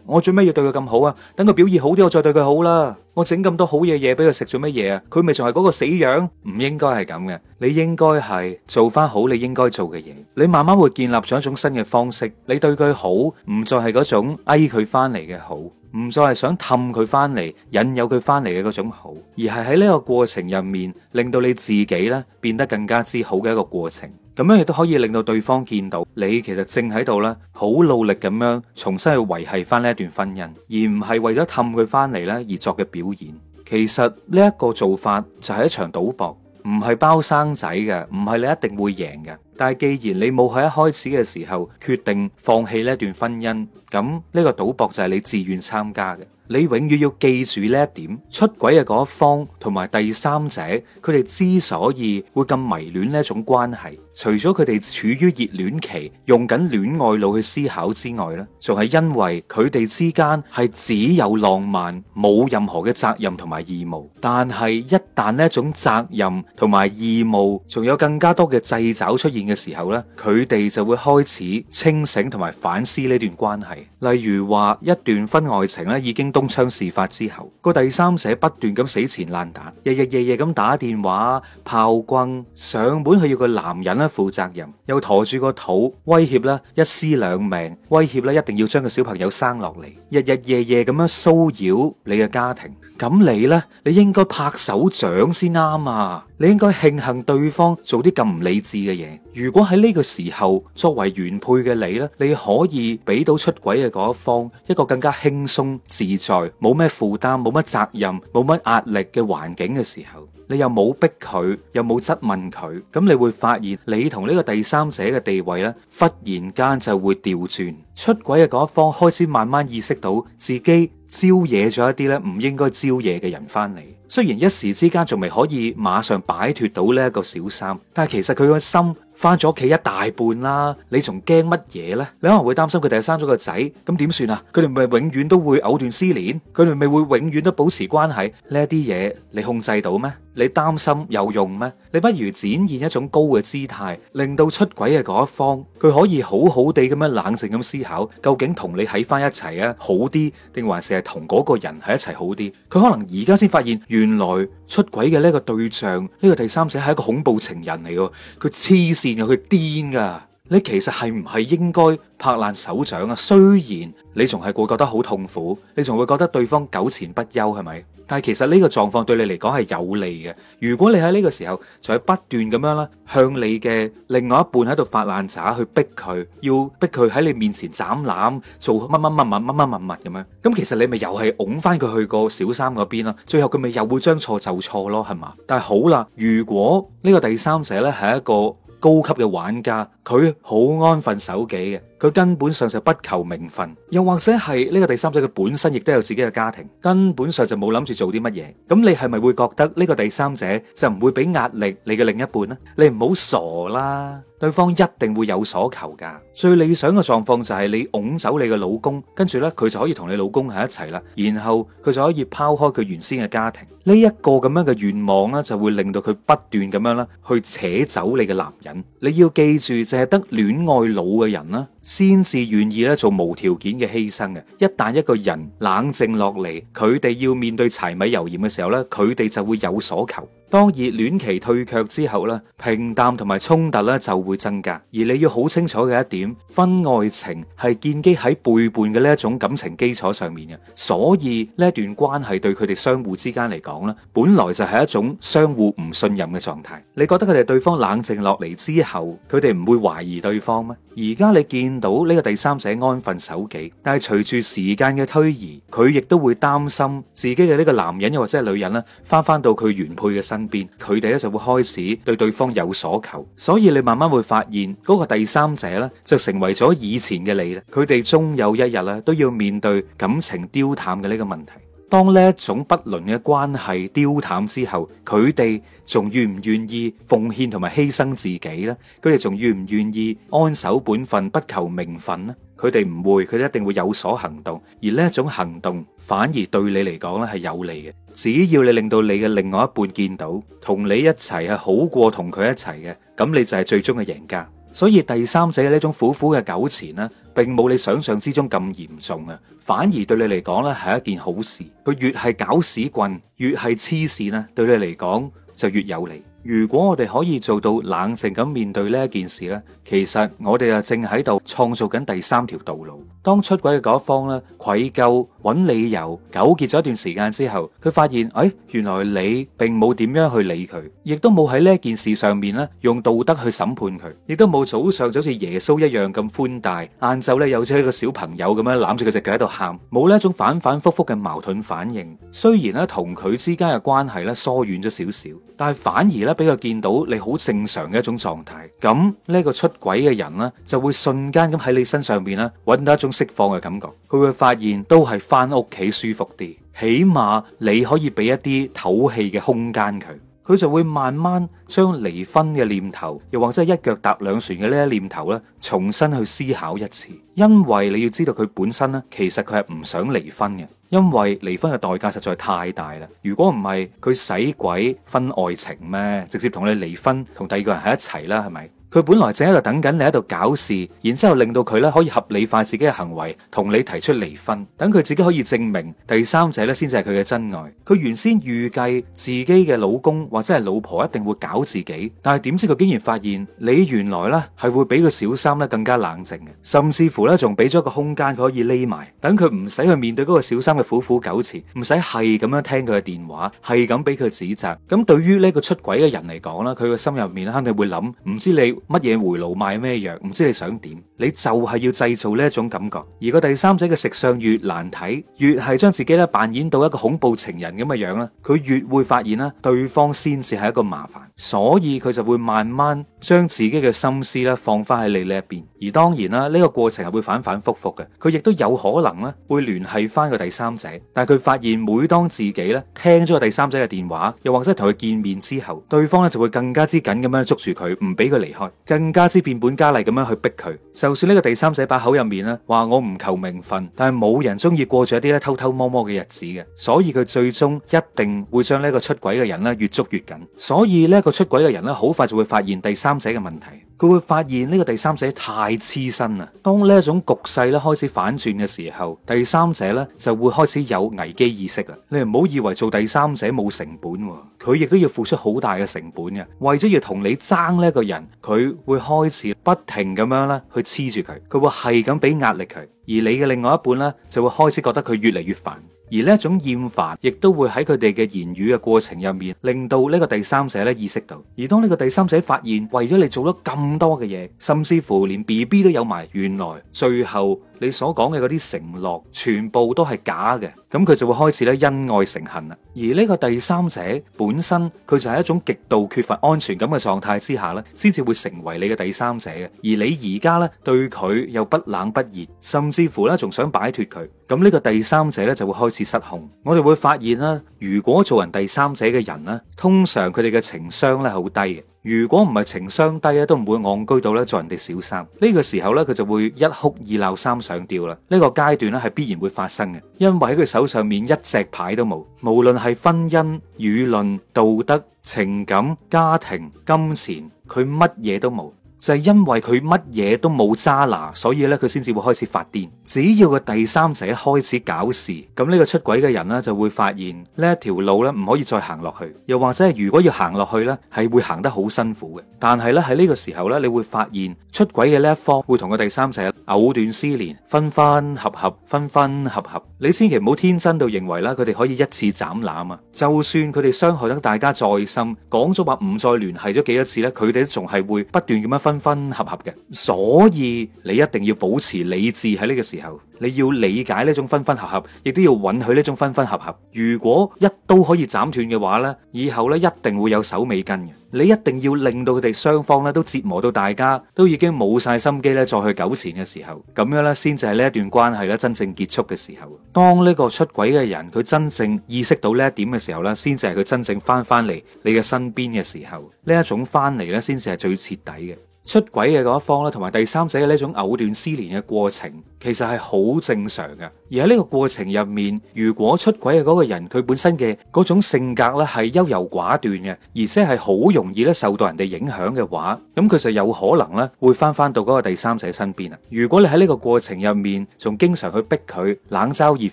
A: 我做咩要對佢咁好啊？等佢表現好啲，我再對佢好啦。我整咁多好嘢嘢俾佢食咗乜嘢啊？佢咪仲係嗰個死樣？唔應該係咁嘅。你應該係做翻好你應該做嘅嘢。你慢慢會建立咗一種新嘅方式。你對佢好，唔再係嗰種哎，佢翻嚟嘅好，唔再係想氹佢翻嚟，引誘佢翻嚟嘅嗰種好，而係喺呢個過程入面，令到你自己咧變得更加之好嘅一個過程。咁樣亦都可以令到對方見到你其實正喺度咧，好努力咁樣重新去維繫翻呢一段婚姻，而唔係為咗氹佢翻嚟咧而作嘅表演。其實呢一個做法就係一場賭博，唔係包生仔嘅，唔係你一定會贏嘅。但係既然你冇喺一開始嘅時候決定放棄呢段婚姻，咁呢個賭博就係你自願參加嘅。你永遠要記住呢一點：出軌嘅嗰一方同埋第三者，佢哋之所以會咁迷戀呢一種關係。除咗佢哋處於熱戀期，用緊戀愛腦去思考之外咧，仲係因為佢哋之間係只有浪漫，冇任何嘅責任同埋義務。但係一旦呢一種責任同埋義務仲有更加多嘅掣肘出現嘅時候咧，佢哋就會開始清醒同埋反思呢段關係，例如話一段婚外情咧已經東窗事發之後個第三者不斷咁死纏爛打，日日夜夜咁打電話炮轟、上門去要個男人負責任又馱住個肚威脅啦，一尸兩命威脅啦，一定要將個小朋友生落嚟，日日夜夜咁樣騷擾你嘅家庭。咁你咧，你應該拍手掌先啱啊！你應該慶幸對方做啲咁唔理智嘅嘢。如果喺呢個時候，作為原配嘅你咧，你可以俾到出軌嘅嗰一方一個更加輕鬆自在、冇咩負擔、冇乜責任、冇乜壓力嘅環境嘅時候。你又冇逼佢，又冇質問佢，咁你會發現你同呢個第三者嘅地位咧，忽然間就會掉轉，出軌嘅嗰一方開始慢慢意識到自己招惹咗一啲咧唔應該招惹嘅人翻嚟。雖然一時之間仲未可以馬上擺脫到呢一個小三，但係其實佢個心翻咗屋企一大半啦，你仲驚乜嘢呢？你可能會擔心佢哋生咗個仔，咁點算啊？佢哋唔係永遠都會藕斷絲連，佢哋咪會永遠都保持關係？呢一啲嘢你控制到咩？你擔心有用咩？你不如展現一種高嘅姿態，令到出軌嘅嗰一方，佢可以好好地咁樣冷靜咁思考，究竟同你喺翻一齊啊好啲，定還是係同嗰個人喺一齊好啲？佢可能而家先發現，原來出軌嘅呢個對象，呢個第三者係一個恐怖情人嚟喎，佢黐線呀，佢癲㗎。你其實係唔係應該拍爛手掌啊？雖然你仲係會覺得好痛苦，你仲會覺得對方糾纏不休，係咪？但係其實呢個狀況對你嚟講係有利嘅。如果你喺呢個時候就係不斷咁樣啦，向你嘅另外一半喺度發爛渣，去逼佢，要逼佢喺你面前斬纜，做乜乜乜乜乜乜乜乜咁樣。咁其實你咪又係拱翻佢去個小三嗰邊咯。最後佢咪又會將錯就錯咯，係嘛？但係好啦，如果呢個第三者呢係一個。高級嘅玩家，佢好安分守己嘅。佢根本上就不求名分，又或者係呢個第三者佢本身亦都有自己嘅家庭，根本上就冇諗住做啲乜嘢。咁你係咪會覺得呢個第三者就唔會俾壓力你嘅另一半呢？你唔好傻啦，對方一定會有所求噶。最理想嘅狀況就係你拱走你嘅老公，跟住咧佢就可以同你老公喺一齊啦，然後佢就可以拋開佢原先嘅家庭。呢一個咁樣嘅願望啦，就會令到佢不斷咁樣啦去扯走你嘅男人。你要記住，淨係得戀愛腦嘅人啦。先至願意咧做無條件嘅犧牲嘅。一旦一個人冷靜落嚟，佢哋要面對柴米油鹽嘅時候咧，佢哋就會有所求。當熱戀期退卻之後咧，平淡同埋衝突咧就會增加。而你要好清楚嘅一點，婚外情係建基喺背叛嘅呢一種感情基礎上面嘅，所以呢一段關係對佢哋相互之間嚟講咧，本來就係一種相互唔信任嘅狀態。你覺得佢哋對方冷靜落嚟之後，佢哋唔會懷疑對方咩？而家你見到呢個第三者安分守己，但係隨住時間嘅推移，佢亦都會擔心自己嘅呢個男人又或者係女人咧，翻翻到佢原配嘅身邊，佢哋咧就會開始對對方有所求，所以你慢慢會發現嗰個第三者咧就成為咗以前嘅你咧，佢哋終有一日咧都要面對感情凋淡嘅呢個問題。當呢一種不倫嘅關係凋淡之後，佢哋仲願唔願意奉獻同埋犧牲自己咧？佢哋仲願唔願意安守本分不求名分咧？佢哋唔會，佢哋一定會有所行動。而呢一種行動反而對你嚟講咧係有利嘅。只要你令到你嘅另外一半見到同你一齊係好過同佢一齊嘅，咁你就係最終嘅贏家。所以第三者嘅呢種苦苦嘅糾纏呢，並冇你想象之中咁嚴重啊，反而對你嚟講呢，係一件好事。佢越係搞屎棍，越係黐線，呢對你嚟講就越有利。如果我哋可以做到冷靜咁面對呢一件事呢，其實我哋啊正喺度創造緊第三條道路。當出軌嘅嗰方呢，愧疚，搵理由糾結咗一段時間之後，佢發現，哎，原來你並冇點樣去理佢，亦都冇喺呢件事上面咧，用道德去審判佢，亦都冇早上就好似耶穌一樣咁寬大，晏晝咧又似一個小朋友咁樣攬住佢隻腳喺度喊，冇呢種反反覆覆嘅矛盾反應。雖然咧同佢之間嘅關係咧疏遠咗少少，但係反而咧俾佢見到你好正常嘅一種狀態。咁呢個出軌嘅人咧，就會瞬間咁喺你身上面咧揾到一種釋放嘅感覺。佢會發現都係。翻屋企舒服啲，起碼你可以俾一啲透氣嘅空間佢，佢就會慢慢將離婚嘅念頭，又或者係一腳踏兩船嘅呢一念頭咧，重新去思考一次。因為你要知道佢本身呢，其實佢係唔想離婚嘅，因為離婚嘅代價實在太大啦。如果唔係，佢使鬼分愛情咩？直接同你離婚，同第二個人喺一齊啦，係咪？佢本來正喺度等緊你喺度搞事，然之後令到佢咧可以合理化自己嘅行為，同你提出離婚，等佢自己可以證明第三者咧先至係佢嘅真愛。佢原先預計自己嘅老公或者係老婆一定會搞自己，但係點知佢竟然發現你原來咧係會比個小三咧更加冷靜嘅，甚至乎咧仲俾咗一個空間佢可以匿埋，等佢唔使去面對嗰個小三嘅苦苦糾纏，唔使係咁樣聽佢嘅電話，係咁俾佢指責。咁對於呢個出軌嘅人嚟講呢，佢個心入面肯定會諗，唔知你。乜嘢回爐賣咩藥？唔知你想點？你就係要製造呢一種感覺。而個第三者嘅食相越難睇，越係將自己咧扮演到一個恐怖情人咁嘅樣咧，佢越會發現呢，對方先至係一個麻煩。所以佢就會慢慢將自己嘅心思咧放翻喺你呢一邊。而當然啦，呢個過程係會反反複複嘅。佢亦都有可能咧會聯繫翻個第三者，但係佢發現每當自己咧聽咗個第三者嘅電話，又或者同佢見面之後，對方咧就會更加之緊咁樣捉住佢，唔俾佢離開。更加之變本加厲咁樣去逼佢，就算呢個第三者把口入面咧話我唔求名分，但係冇人中意過住一啲咧偷偷摸摸嘅日子嘅，所以佢最終一定會將呢一個出軌嘅人咧越捉越緊，所以呢個出軌嘅人咧好快就會發現第三者嘅問題。佢會發現呢個第三者太黐身啦。當呢種局勢咧開始反轉嘅時候，第三者咧就會開始有危機意識啦。你唔好以為做第三者冇成本，佢亦都要付出好大嘅成本嘅。為咗要同你爭呢個人，佢會開始不停咁樣咧去黐住佢，佢會係咁俾壓力佢，而你嘅另外一半咧就會開始覺得佢越嚟越煩。而呢種厭煩，亦都會喺佢哋嘅言語嘅過程入面，令到呢個第三者咧意識到。而當呢個第三者發現，為咗你做咗咁多嘅嘢，甚至乎連 BB 都有埋，原來最後你所講嘅嗰啲承諾，全部都係假嘅。咁佢就會開始咧恩愛成恨啦，而呢個第三者本身佢就係一種極度缺乏安全感嘅狀態之下咧，先至會成為你嘅第三者嘅，而你而家咧對佢又不冷不熱，甚至乎咧仲想擺脫佢，咁呢個第三者咧就會開始失控。我哋會發現啦，如果做人第三者嘅人呢，通常佢哋嘅情商咧好低嘅。如果唔係情商低咧，都唔會戇居到咧做人哋小三。呢個時候呢，佢就會一哭二鬧三上吊啦。呢個階段咧係必然會發生嘅，因為喺佢手上面一隻牌都冇，無論係婚姻、輿論、道德、情感、家庭、金錢，佢乜嘢都冇。就係因為佢乜嘢都冇揸拿，所以咧佢先至會開始發癲。只要個第三者開始搞事，咁呢個出軌嘅人呢，就會發現呢一條路咧唔可以再行落去。又或者係如果要行落去呢，係會行得好辛苦嘅。但係咧喺呢個時候呢，你會發現出軌嘅呢一方會同個第三者藕斷絲連，分分合合，分分合合。你千祈唔好天真到認為呢，佢哋可以一次斬攬啊！就算佢哋傷害得大家再深，講咗話唔再聯繫咗幾多次呢，佢哋仲係會不斷咁樣分。分分合合嘅，所以你一定要保持理智喺呢個時候。你要理解呢種分分合合，亦都要允許呢種分分合合。如果一刀可以斬斷嘅話呢，以後咧一定會有手尾跟嘅。你一定要令到佢哋雙方咧都折磨到大家，都已經冇晒心機咧，再去糾纏嘅時候，咁樣呢，先至係呢一段關係咧真正結束嘅時候。當呢個出軌嘅人佢真正意識到呢一點嘅時候呢，先至係佢真正返返嚟你嘅身邊嘅時候，呢一種返嚟呢，先至係最徹底嘅。出軌嘅嗰一方咧，同埋第三者嘅呢種藕斷絲連嘅過程。其實係好正常嘅，而喺呢個過程入面，如果出軌嘅嗰個人佢本身嘅嗰種性格咧係優柔寡斷嘅，而且係好容易咧受到人哋影響嘅話，咁佢就有可能咧會翻翻到嗰個第三者身邊啊！如果你喺呢個過程入面仲經常去逼佢冷嘲熱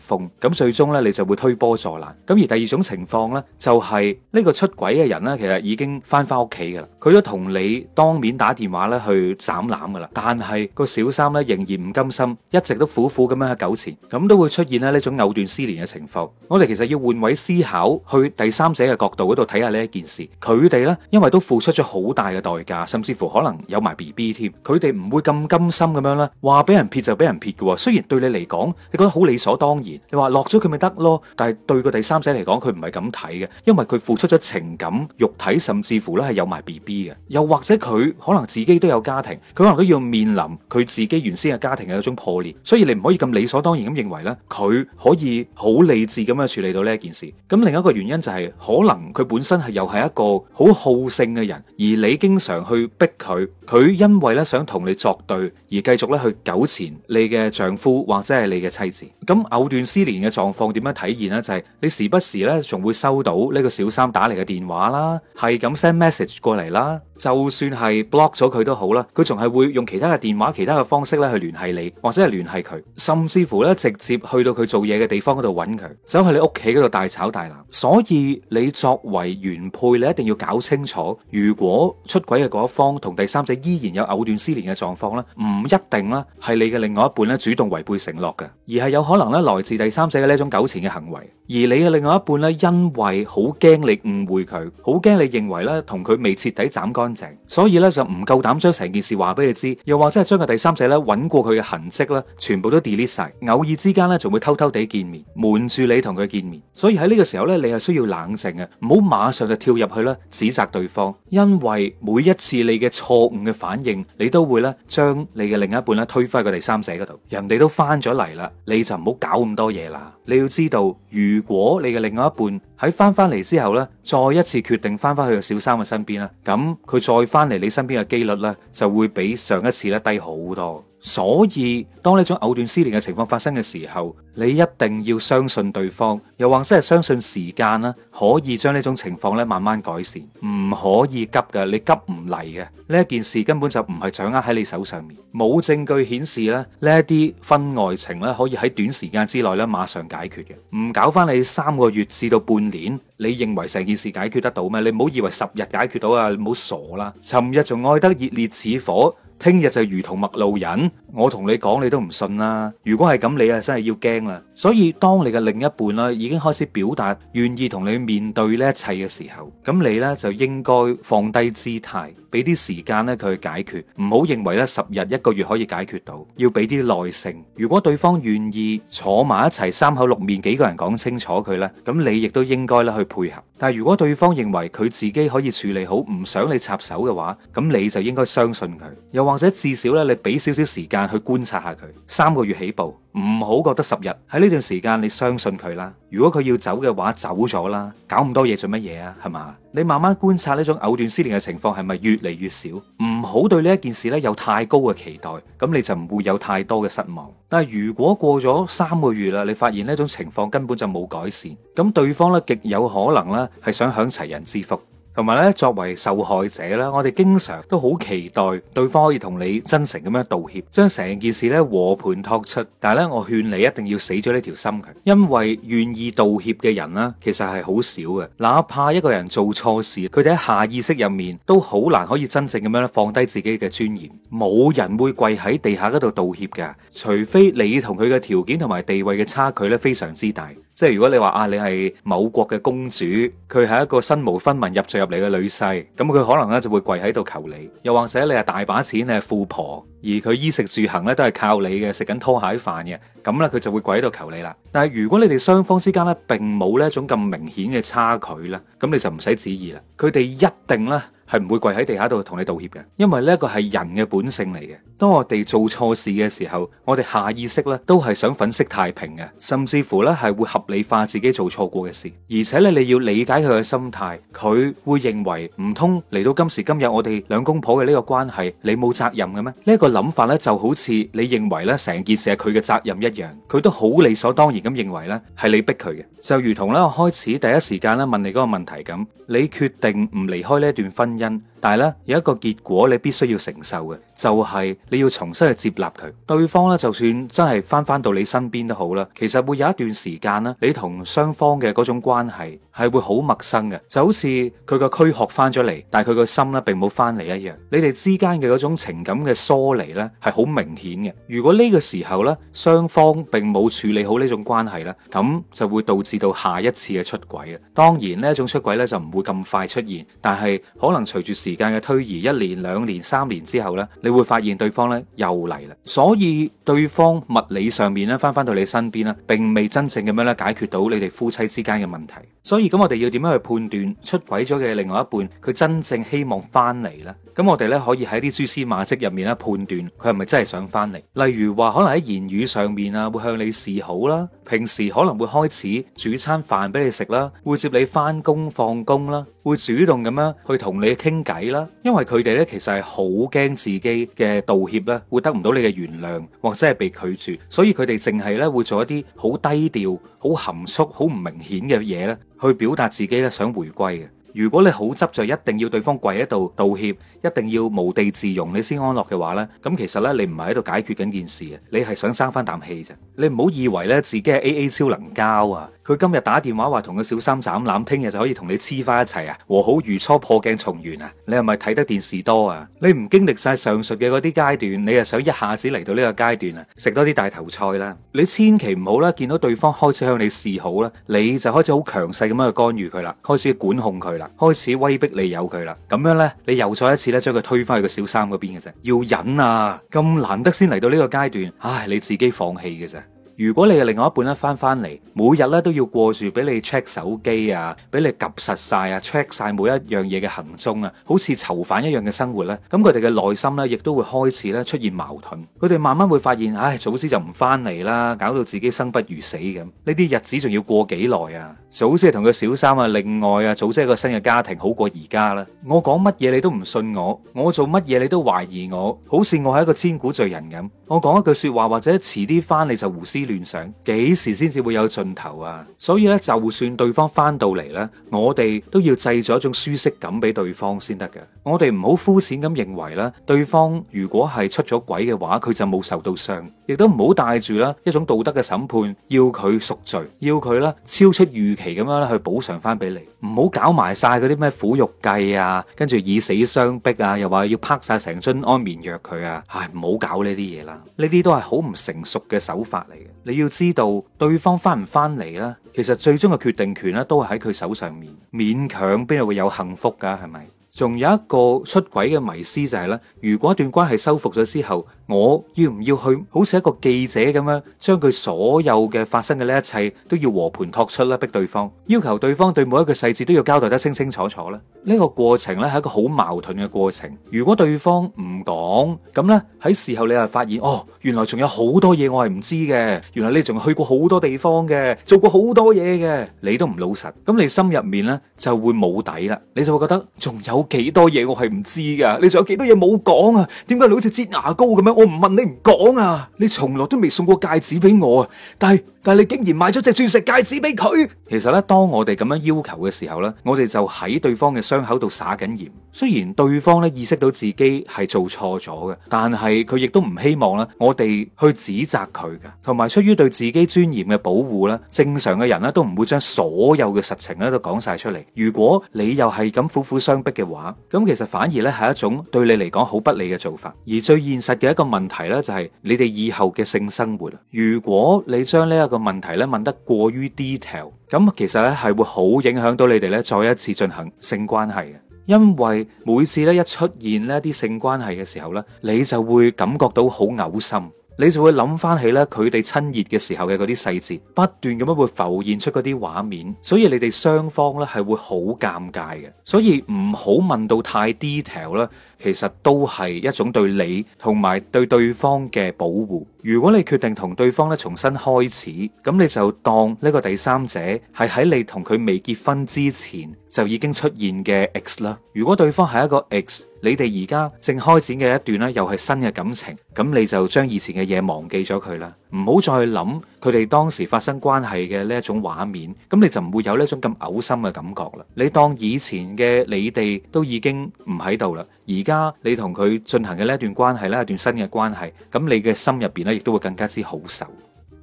A: 諷，咁最終咧你就會推波助瀾。咁而第二種情況咧，就係呢個出軌嘅人咧，其實已經翻翻屋企噶啦，佢都同你當面打電話咧去斬纜噶啦，但係個小三咧仍然唔甘心一。一直都苦苦咁樣喺糾纏，咁都會出現咧呢種藕斷絲連嘅情況。我哋其實要換位思考，去第三者嘅角度嗰度睇下呢一件事。佢哋呢，因為都付出咗好大嘅代價，甚至乎可能有埋 BB 添。佢哋唔會咁甘心咁樣咧，話俾人撇就俾人撇嘅。雖然對你嚟講，你覺得好理所當然，你話落咗佢咪得咯？但係對個第三者嚟講，佢唔係咁睇嘅，因為佢付出咗情感、肉體，甚至乎呢係有埋 BB 嘅。又或者佢可能自己都有家庭，佢可能都要面臨佢自己原先嘅家庭嘅一種破裂。所以你唔可以咁理所當然咁認為呢，佢可以好理智咁樣處理到呢一件事。咁另一個原因就係、是、可能佢本身係又係一個好好勝嘅人，而你經常去逼佢，佢因為呢想同你作對，而繼續呢去糾纏你嘅丈夫或者係你嘅妻子。咁藕斷絲連嘅狀況點樣體現呢？就係、是、你時不時呢仲會收到呢個小三打嚟嘅電話啦，係咁 send message 過嚟啦。就算係 block 咗佢都好啦，佢仲係會用其他嘅電話、其他嘅方式咧去聯繫你，或者係聯繫佢，甚至乎咧直接去到佢做嘢嘅地方嗰度揾佢，走去你屋企嗰度大吵大鬧。所以你作為原配，你一定要搞清楚，如果出軌嘅嗰一方同第三者依然有藕斷絲連嘅狀況咧，唔一定啦，係你嘅另外一半咧主動違背承諾嘅，而係有可能咧來自第三者嘅呢種糾纏嘅行為。而你嘅另外一半咧，因為好驚你誤會佢，好驚你認為咧同佢未徹底斬乾淨，所以咧就唔夠膽將成件事話俾你知，又或者係將個第三者咧揾過佢嘅痕跡咧，全部都 delete 晒。偶爾之間咧，仲會偷偷地見面，瞞住你同佢見面。所以喺呢個時候咧，你係需要冷靜嘅，唔好馬上就跳入去啦，指責對方。因為每一次你嘅錯誤嘅反應，你都會咧將你嘅另一半咧推返去個第三者嗰度。人哋都返咗嚟啦，你就唔好搞咁多嘢啦。你要知道，如如果你嘅另外一半喺翻翻嚟之後咧，再一次決定翻翻去個小三嘅身邊啦，咁佢再翻嚟你身邊嘅幾率咧，就會比上一次咧低好多。所以，當呢種藕斷絲連嘅情況發生嘅時候，你一定要相信對方，又或者係相信時間啦，可以將呢種情況咧慢慢改善。唔可以急㗎，你急唔嚟嘅。呢一件事根本就唔係掌握喺你手上面。冇證據顯示咧，呢一啲婚外情咧可以喺短時間之內咧馬上解決嘅。唔搞翻你三個月至到半年，你認為成件事解決得到咩？你唔好以為十日解決到啊！你唔好傻啦，尋日仲愛得熱烈似火。聽日就如同陌路人。我同你講，你都唔信啦。如果係咁，你啊，真係要驚啦。所以當你嘅另一半啦已經開始表達願意同你面對呢一切嘅時候，咁你呢就應該放低姿態，俾啲時間咧佢解決。唔好認為咧十日一個月可以解決到，要俾啲耐性。如果對方願意坐埋一齊三口六面幾個人講清楚佢呢，咁你亦都應該咧去配合。但係如果對方認為佢自己可以處理好，唔想你插手嘅話，咁你就應該相信佢。又或者至少咧，你俾少少時間。去觀察下佢三個月起步，唔好覺得十日。喺呢段時間你相信佢啦。如果佢要走嘅話，走咗啦，搞咁多嘢做乜嘢啊？係嘛？你慢慢觀察呢種藕斷絲連嘅情況係咪越嚟越少？唔好對呢一件事呢有太高嘅期待，咁你就唔會有太多嘅失望。但係如果過咗三個月啦，你發現呢種情況根本就冇改善，咁對方呢極有可能呢係想享齊人之福。同埋咧，作為受害者啦，我哋經常都好期待對方可以同你真誠咁樣道歉，將成件事咧和盤托出。但係咧，我勸你一定要死咗呢條心佢，因為願意道歉嘅人呢，其實係好少嘅。哪怕一個人做錯事，佢哋喺下意識入面都好難可以真正咁樣放低自己嘅尊嚴。冇人會跪喺地下嗰度道歉㗎，除非你同佢嘅條件同埋地位嘅差距咧非常之大。即係如果你話啊，你係某國嘅公主，佢係一個身無分文入罪，入嚟嘅女婿，咁佢可能咧就會跪喺度求你，又或者你係大把錢，你係富婆。而佢衣食住行咧都係靠你嘅，食緊拖鞋飯嘅，咁咧佢就會跪喺度求你啦。但係如果你哋雙方之間咧並冇呢一種咁明顯嘅差距咧，咁你就唔使指意啦。佢哋一定咧係唔會跪喺地下度同你道歉嘅，因為呢一個係人嘅本性嚟嘅。當我哋做錯事嘅時候，我哋下意識咧都係想粉飾太平嘅，甚至乎咧係會合理化自己做錯過嘅事。而且咧你要理解佢嘅心態，佢會認為唔通嚟到今時今日我哋兩公婆嘅呢個關係你冇責任嘅咩？呢一個諗法咧就好似你認為咧成件事係佢嘅責任一樣，佢都好理所當然咁認為咧係你逼佢嘅，就如同咧我開始第一時間咧問你嗰個問題咁，你決定唔離開呢段婚姻？但係咧，有一個結果你必須要承受嘅，就係、是、你要重新去接納佢。對方咧，就算真係翻翻到你身邊都好啦，其實會有一段時間呢，你同雙方嘅嗰種關係係會好陌生嘅，就好似佢個軀殼翻咗嚟，但係佢個心咧並冇翻嚟一樣。你哋之間嘅嗰種情感嘅疏離呢係好明顯嘅。如果呢個時候呢，雙方並冇處理好呢種關係呢，咁就會導致到下一次嘅出軌啊。當然呢，一種出軌呢就唔會咁快出現，但係可能隨住時，時間嘅推移，一年、兩年、三年之後咧，你會發現對方咧又嚟啦，所以對方物理上面咧翻翻到你身邊啦，並未真正咁樣咧解決到你哋夫妻之間嘅問題。所以咁，我哋要點樣去判斷出軌咗嘅另外一半，佢真正希望翻嚟呢？咁我哋呢可以喺啲蛛絲馬跡入面呢，判斷佢係咪真係想返嚟，例如話可能喺言語上面啊會向你示好啦，平時可能會開始煮餐飯俾你食啦，會接你返工放工啦，會主動咁樣去同你傾偈啦，因為佢哋呢其實係好驚自己嘅道歉呢會得唔到你嘅原諒或者係被拒絕，所以佢哋淨係呢會做一啲好低調、好含蓄、好唔明顯嘅嘢呢，去表達自己呢想回歸嘅。如果你好執着一定要對方跪喺度道歉，一定要無地自容你你，你先安樂嘅話呢，咁其實呢，你唔係喺度解決緊件事嘅，你係想生翻啖氣啫。你唔好以為呢，自己係 A A 超能膠啊！佢今日打電話話同個小三斬纜，聽日就可以同你黐返一齊啊，和好如初，破鏡重圓啊！你係咪睇得電視多啊？你唔經歷晒上述嘅嗰啲階段，你又想一下子嚟到呢個階段啊？食多啲大頭菜啦！你千祈唔好啦，見到對方開始向你示好啦，你就開始好強勢咁樣去干預佢啦，開始管控佢啦，開始威逼利誘佢啦，咁樣呢，你又再一次咧將佢推返去個小三嗰邊嘅啫，要忍啊！咁難得先嚟到呢個階段，唉，你自己放棄嘅啫。如果你嘅另外一半一翻翻嚟，每日咧都要過住俾你 check 手機啊，俾你及實晒啊，check 晒每一樣嘢嘅行蹤啊，好似囚犯一樣嘅生活咧，咁佢哋嘅內心咧亦都會開始咧出現矛盾，佢哋慢慢會發現，唉、哎，早知就唔翻嚟啦，搞到自己生不如死咁，呢啲日子仲要過幾耐啊？早知係同個小三啊，另外啊，早知一個新嘅家庭好過而家啦。我講乜嘢你都唔信我，我做乜嘢你都懷疑我，好似我係一個千古罪人咁。我講一句說話或者遲啲翻你就胡思。幻想幾時先至會有盡頭啊！所以咧，就算對方翻到嚟咧，我哋都要製造一種舒適感俾對方先得嘅。我哋唔好膚淺咁認為啦，對方如果係出咗軌嘅話，佢就冇受到傷，亦都唔好帶住啦一種道德嘅審判，要佢贖罪，要佢啦超出預期咁樣去補償翻俾你。唔好搞埋晒嗰啲咩苦肉計啊，跟住以死相逼啊，又話要拍晒成樽安眠藥佢啊，唉，唔好搞呢啲嘢啦，呢啲都係好唔成熟嘅手法嚟嘅。你要知道，對方返唔返嚟呢？其實最終嘅決定權咧，都係喺佢手上面。勉強邊度會有幸福㗎，係咪？仲有一個出軌嘅迷思就係咧，如果一段關係修復咗之後，我要唔要去好似一個記者咁樣，將佢所有嘅發生嘅呢一切都要和盤托出咧，逼對方要求對方對每一個細節都要交代得清清楚楚咧。呢個過程咧係一個好矛盾嘅過程。如果對方唔講咁咧，喺事後你又發現哦，原來仲有好多嘢我係唔知嘅，原來你仲去過好多地方嘅，做過好多嘢嘅，你都唔老實，咁你心入面咧就會冇底啦，你就會覺得仲有。幾多嘢我係唔知噶，你仲有幾多嘢冇講啊？點解你好似擠牙膏咁樣？我唔問你唔講啊！你從來都未送過戒指俾我啊！但係。但係你竟然買咗隻鑽石戒指俾佢？其實咧，當我哋咁樣要求嘅時候咧，我哋就喺對方嘅傷口度撒緊鹽。雖然對方咧意識到自己係做錯咗嘅，但係佢亦都唔希望咧我哋去指責佢㗎。同埋出於對自己尊嚴嘅保護咧，正常嘅人咧都唔會將所有嘅實情咧都講晒出嚟。如果你又係咁苦苦相逼嘅話，咁其實反而咧係一種對你嚟講好不利嘅做法。而最現實嘅一個問題咧就係你哋以後嘅性生活。如果你將呢一個問題咧問得過於 detail，咁其實咧係會好影響到你哋咧再一次進行性關係嘅，因為每次咧一出現呢啲性關係嘅時候咧，你就會感覺到好嘔心，你就會諗翻起咧佢哋親熱嘅時候嘅嗰啲細節，不斷咁樣會浮現出嗰啲畫面，所以你哋雙方咧係會好尷尬嘅，所以唔好問到太 detail 啦。其實都係一種對你同埋對對方嘅保護。如果你決定同對方咧重新開始，咁你就當呢個第三者係喺你同佢未結婚之前就已經出現嘅 X 啦。如果對方係一個 X，你哋而家正開展嘅一段咧又係新嘅感情，咁你就將以前嘅嘢忘記咗佢啦，唔好再諗。佢哋當時發生關係嘅呢一種畫面，咁你就唔會有呢一種咁嘔心嘅感覺啦。你當以前嘅你哋都已經唔喺度啦，而家你同佢進行嘅呢一段關係呢，一段新嘅關係，咁你嘅心入邊呢亦都會更加之好受。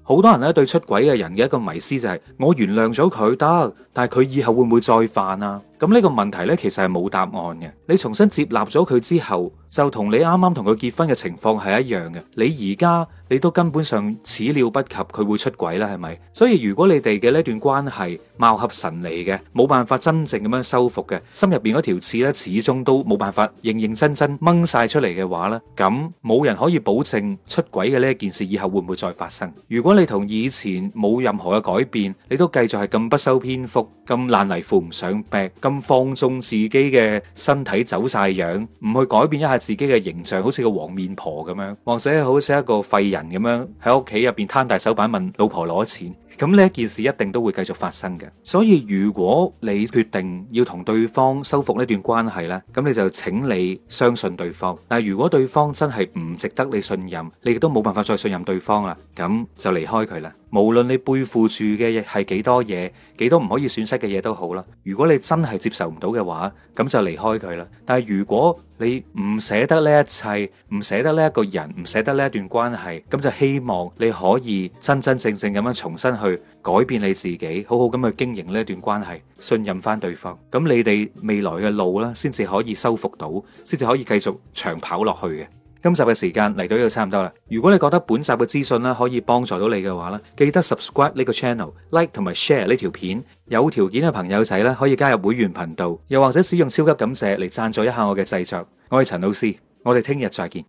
A: 好多人呢對出軌嘅人嘅一個迷思就係，我原諒咗佢得，但係佢以後會唔會再犯啊？咁呢個問題呢，其實係冇答案嘅。你重新接納咗佢之後，就同你啱啱同佢結婚嘅情況係一樣嘅。你而家你都根本上始料不及佢會出軌啦，係咪？所以如果你哋嘅呢一段關係貌合神離嘅，冇辦法真正咁樣修復嘅，心入邊嗰條刺呢，始終都冇辦法認認真真掹曬出嚟嘅話呢，咁冇人可以保證出軌嘅呢一件事以後會唔會再發生。如果你同以前冇任何嘅改變，你都繼續係咁不修邊幅、咁爛泥扶唔上壁、咁咁放縱自己嘅身體走晒樣，唔去改變一下自己嘅形象，好似個黃面婆咁樣，或者好似一個廢人咁樣，喺屋企入邊攤大手板問老婆攞錢。咁呢件事一定都會繼續發生嘅，所以如果你決定要同對方修復呢段關係呢，咁你就請你相信對方。但係如果對方真係唔值得你信任，你亦都冇辦法再信任對方啦，咁就離開佢啦。無論你背負住嘅係幾多嘢，幾多唔可以損失嘅嘢都好啦。如果你真係接受唔到嘅話，咁就離開佢啦。但係如果，你唔捨得呢一切，唔捨得呢一個人，唔捨得呢一段關係，咁就希望你可以真真正正咁樣重新去改變你自己，好好咁去經營呢一段關係，信任翻對方，咁你哋未來嘅路啦，先至可以修復到，先至可以繼續長跑落去嘅。今集嘅時間嚟到呢度差唔多啦。如果你覺得本集嘅資訊咧可以幫助到你嘅話咧，記得 subscribe 呢個 channel、like 同埋 share 呢條片。有條件嘅朋友仔咧可以加入會員頻道，又或者使用超級感謝嚟贊助一下我嘅製作。我係陳老師，我哋聽日再見。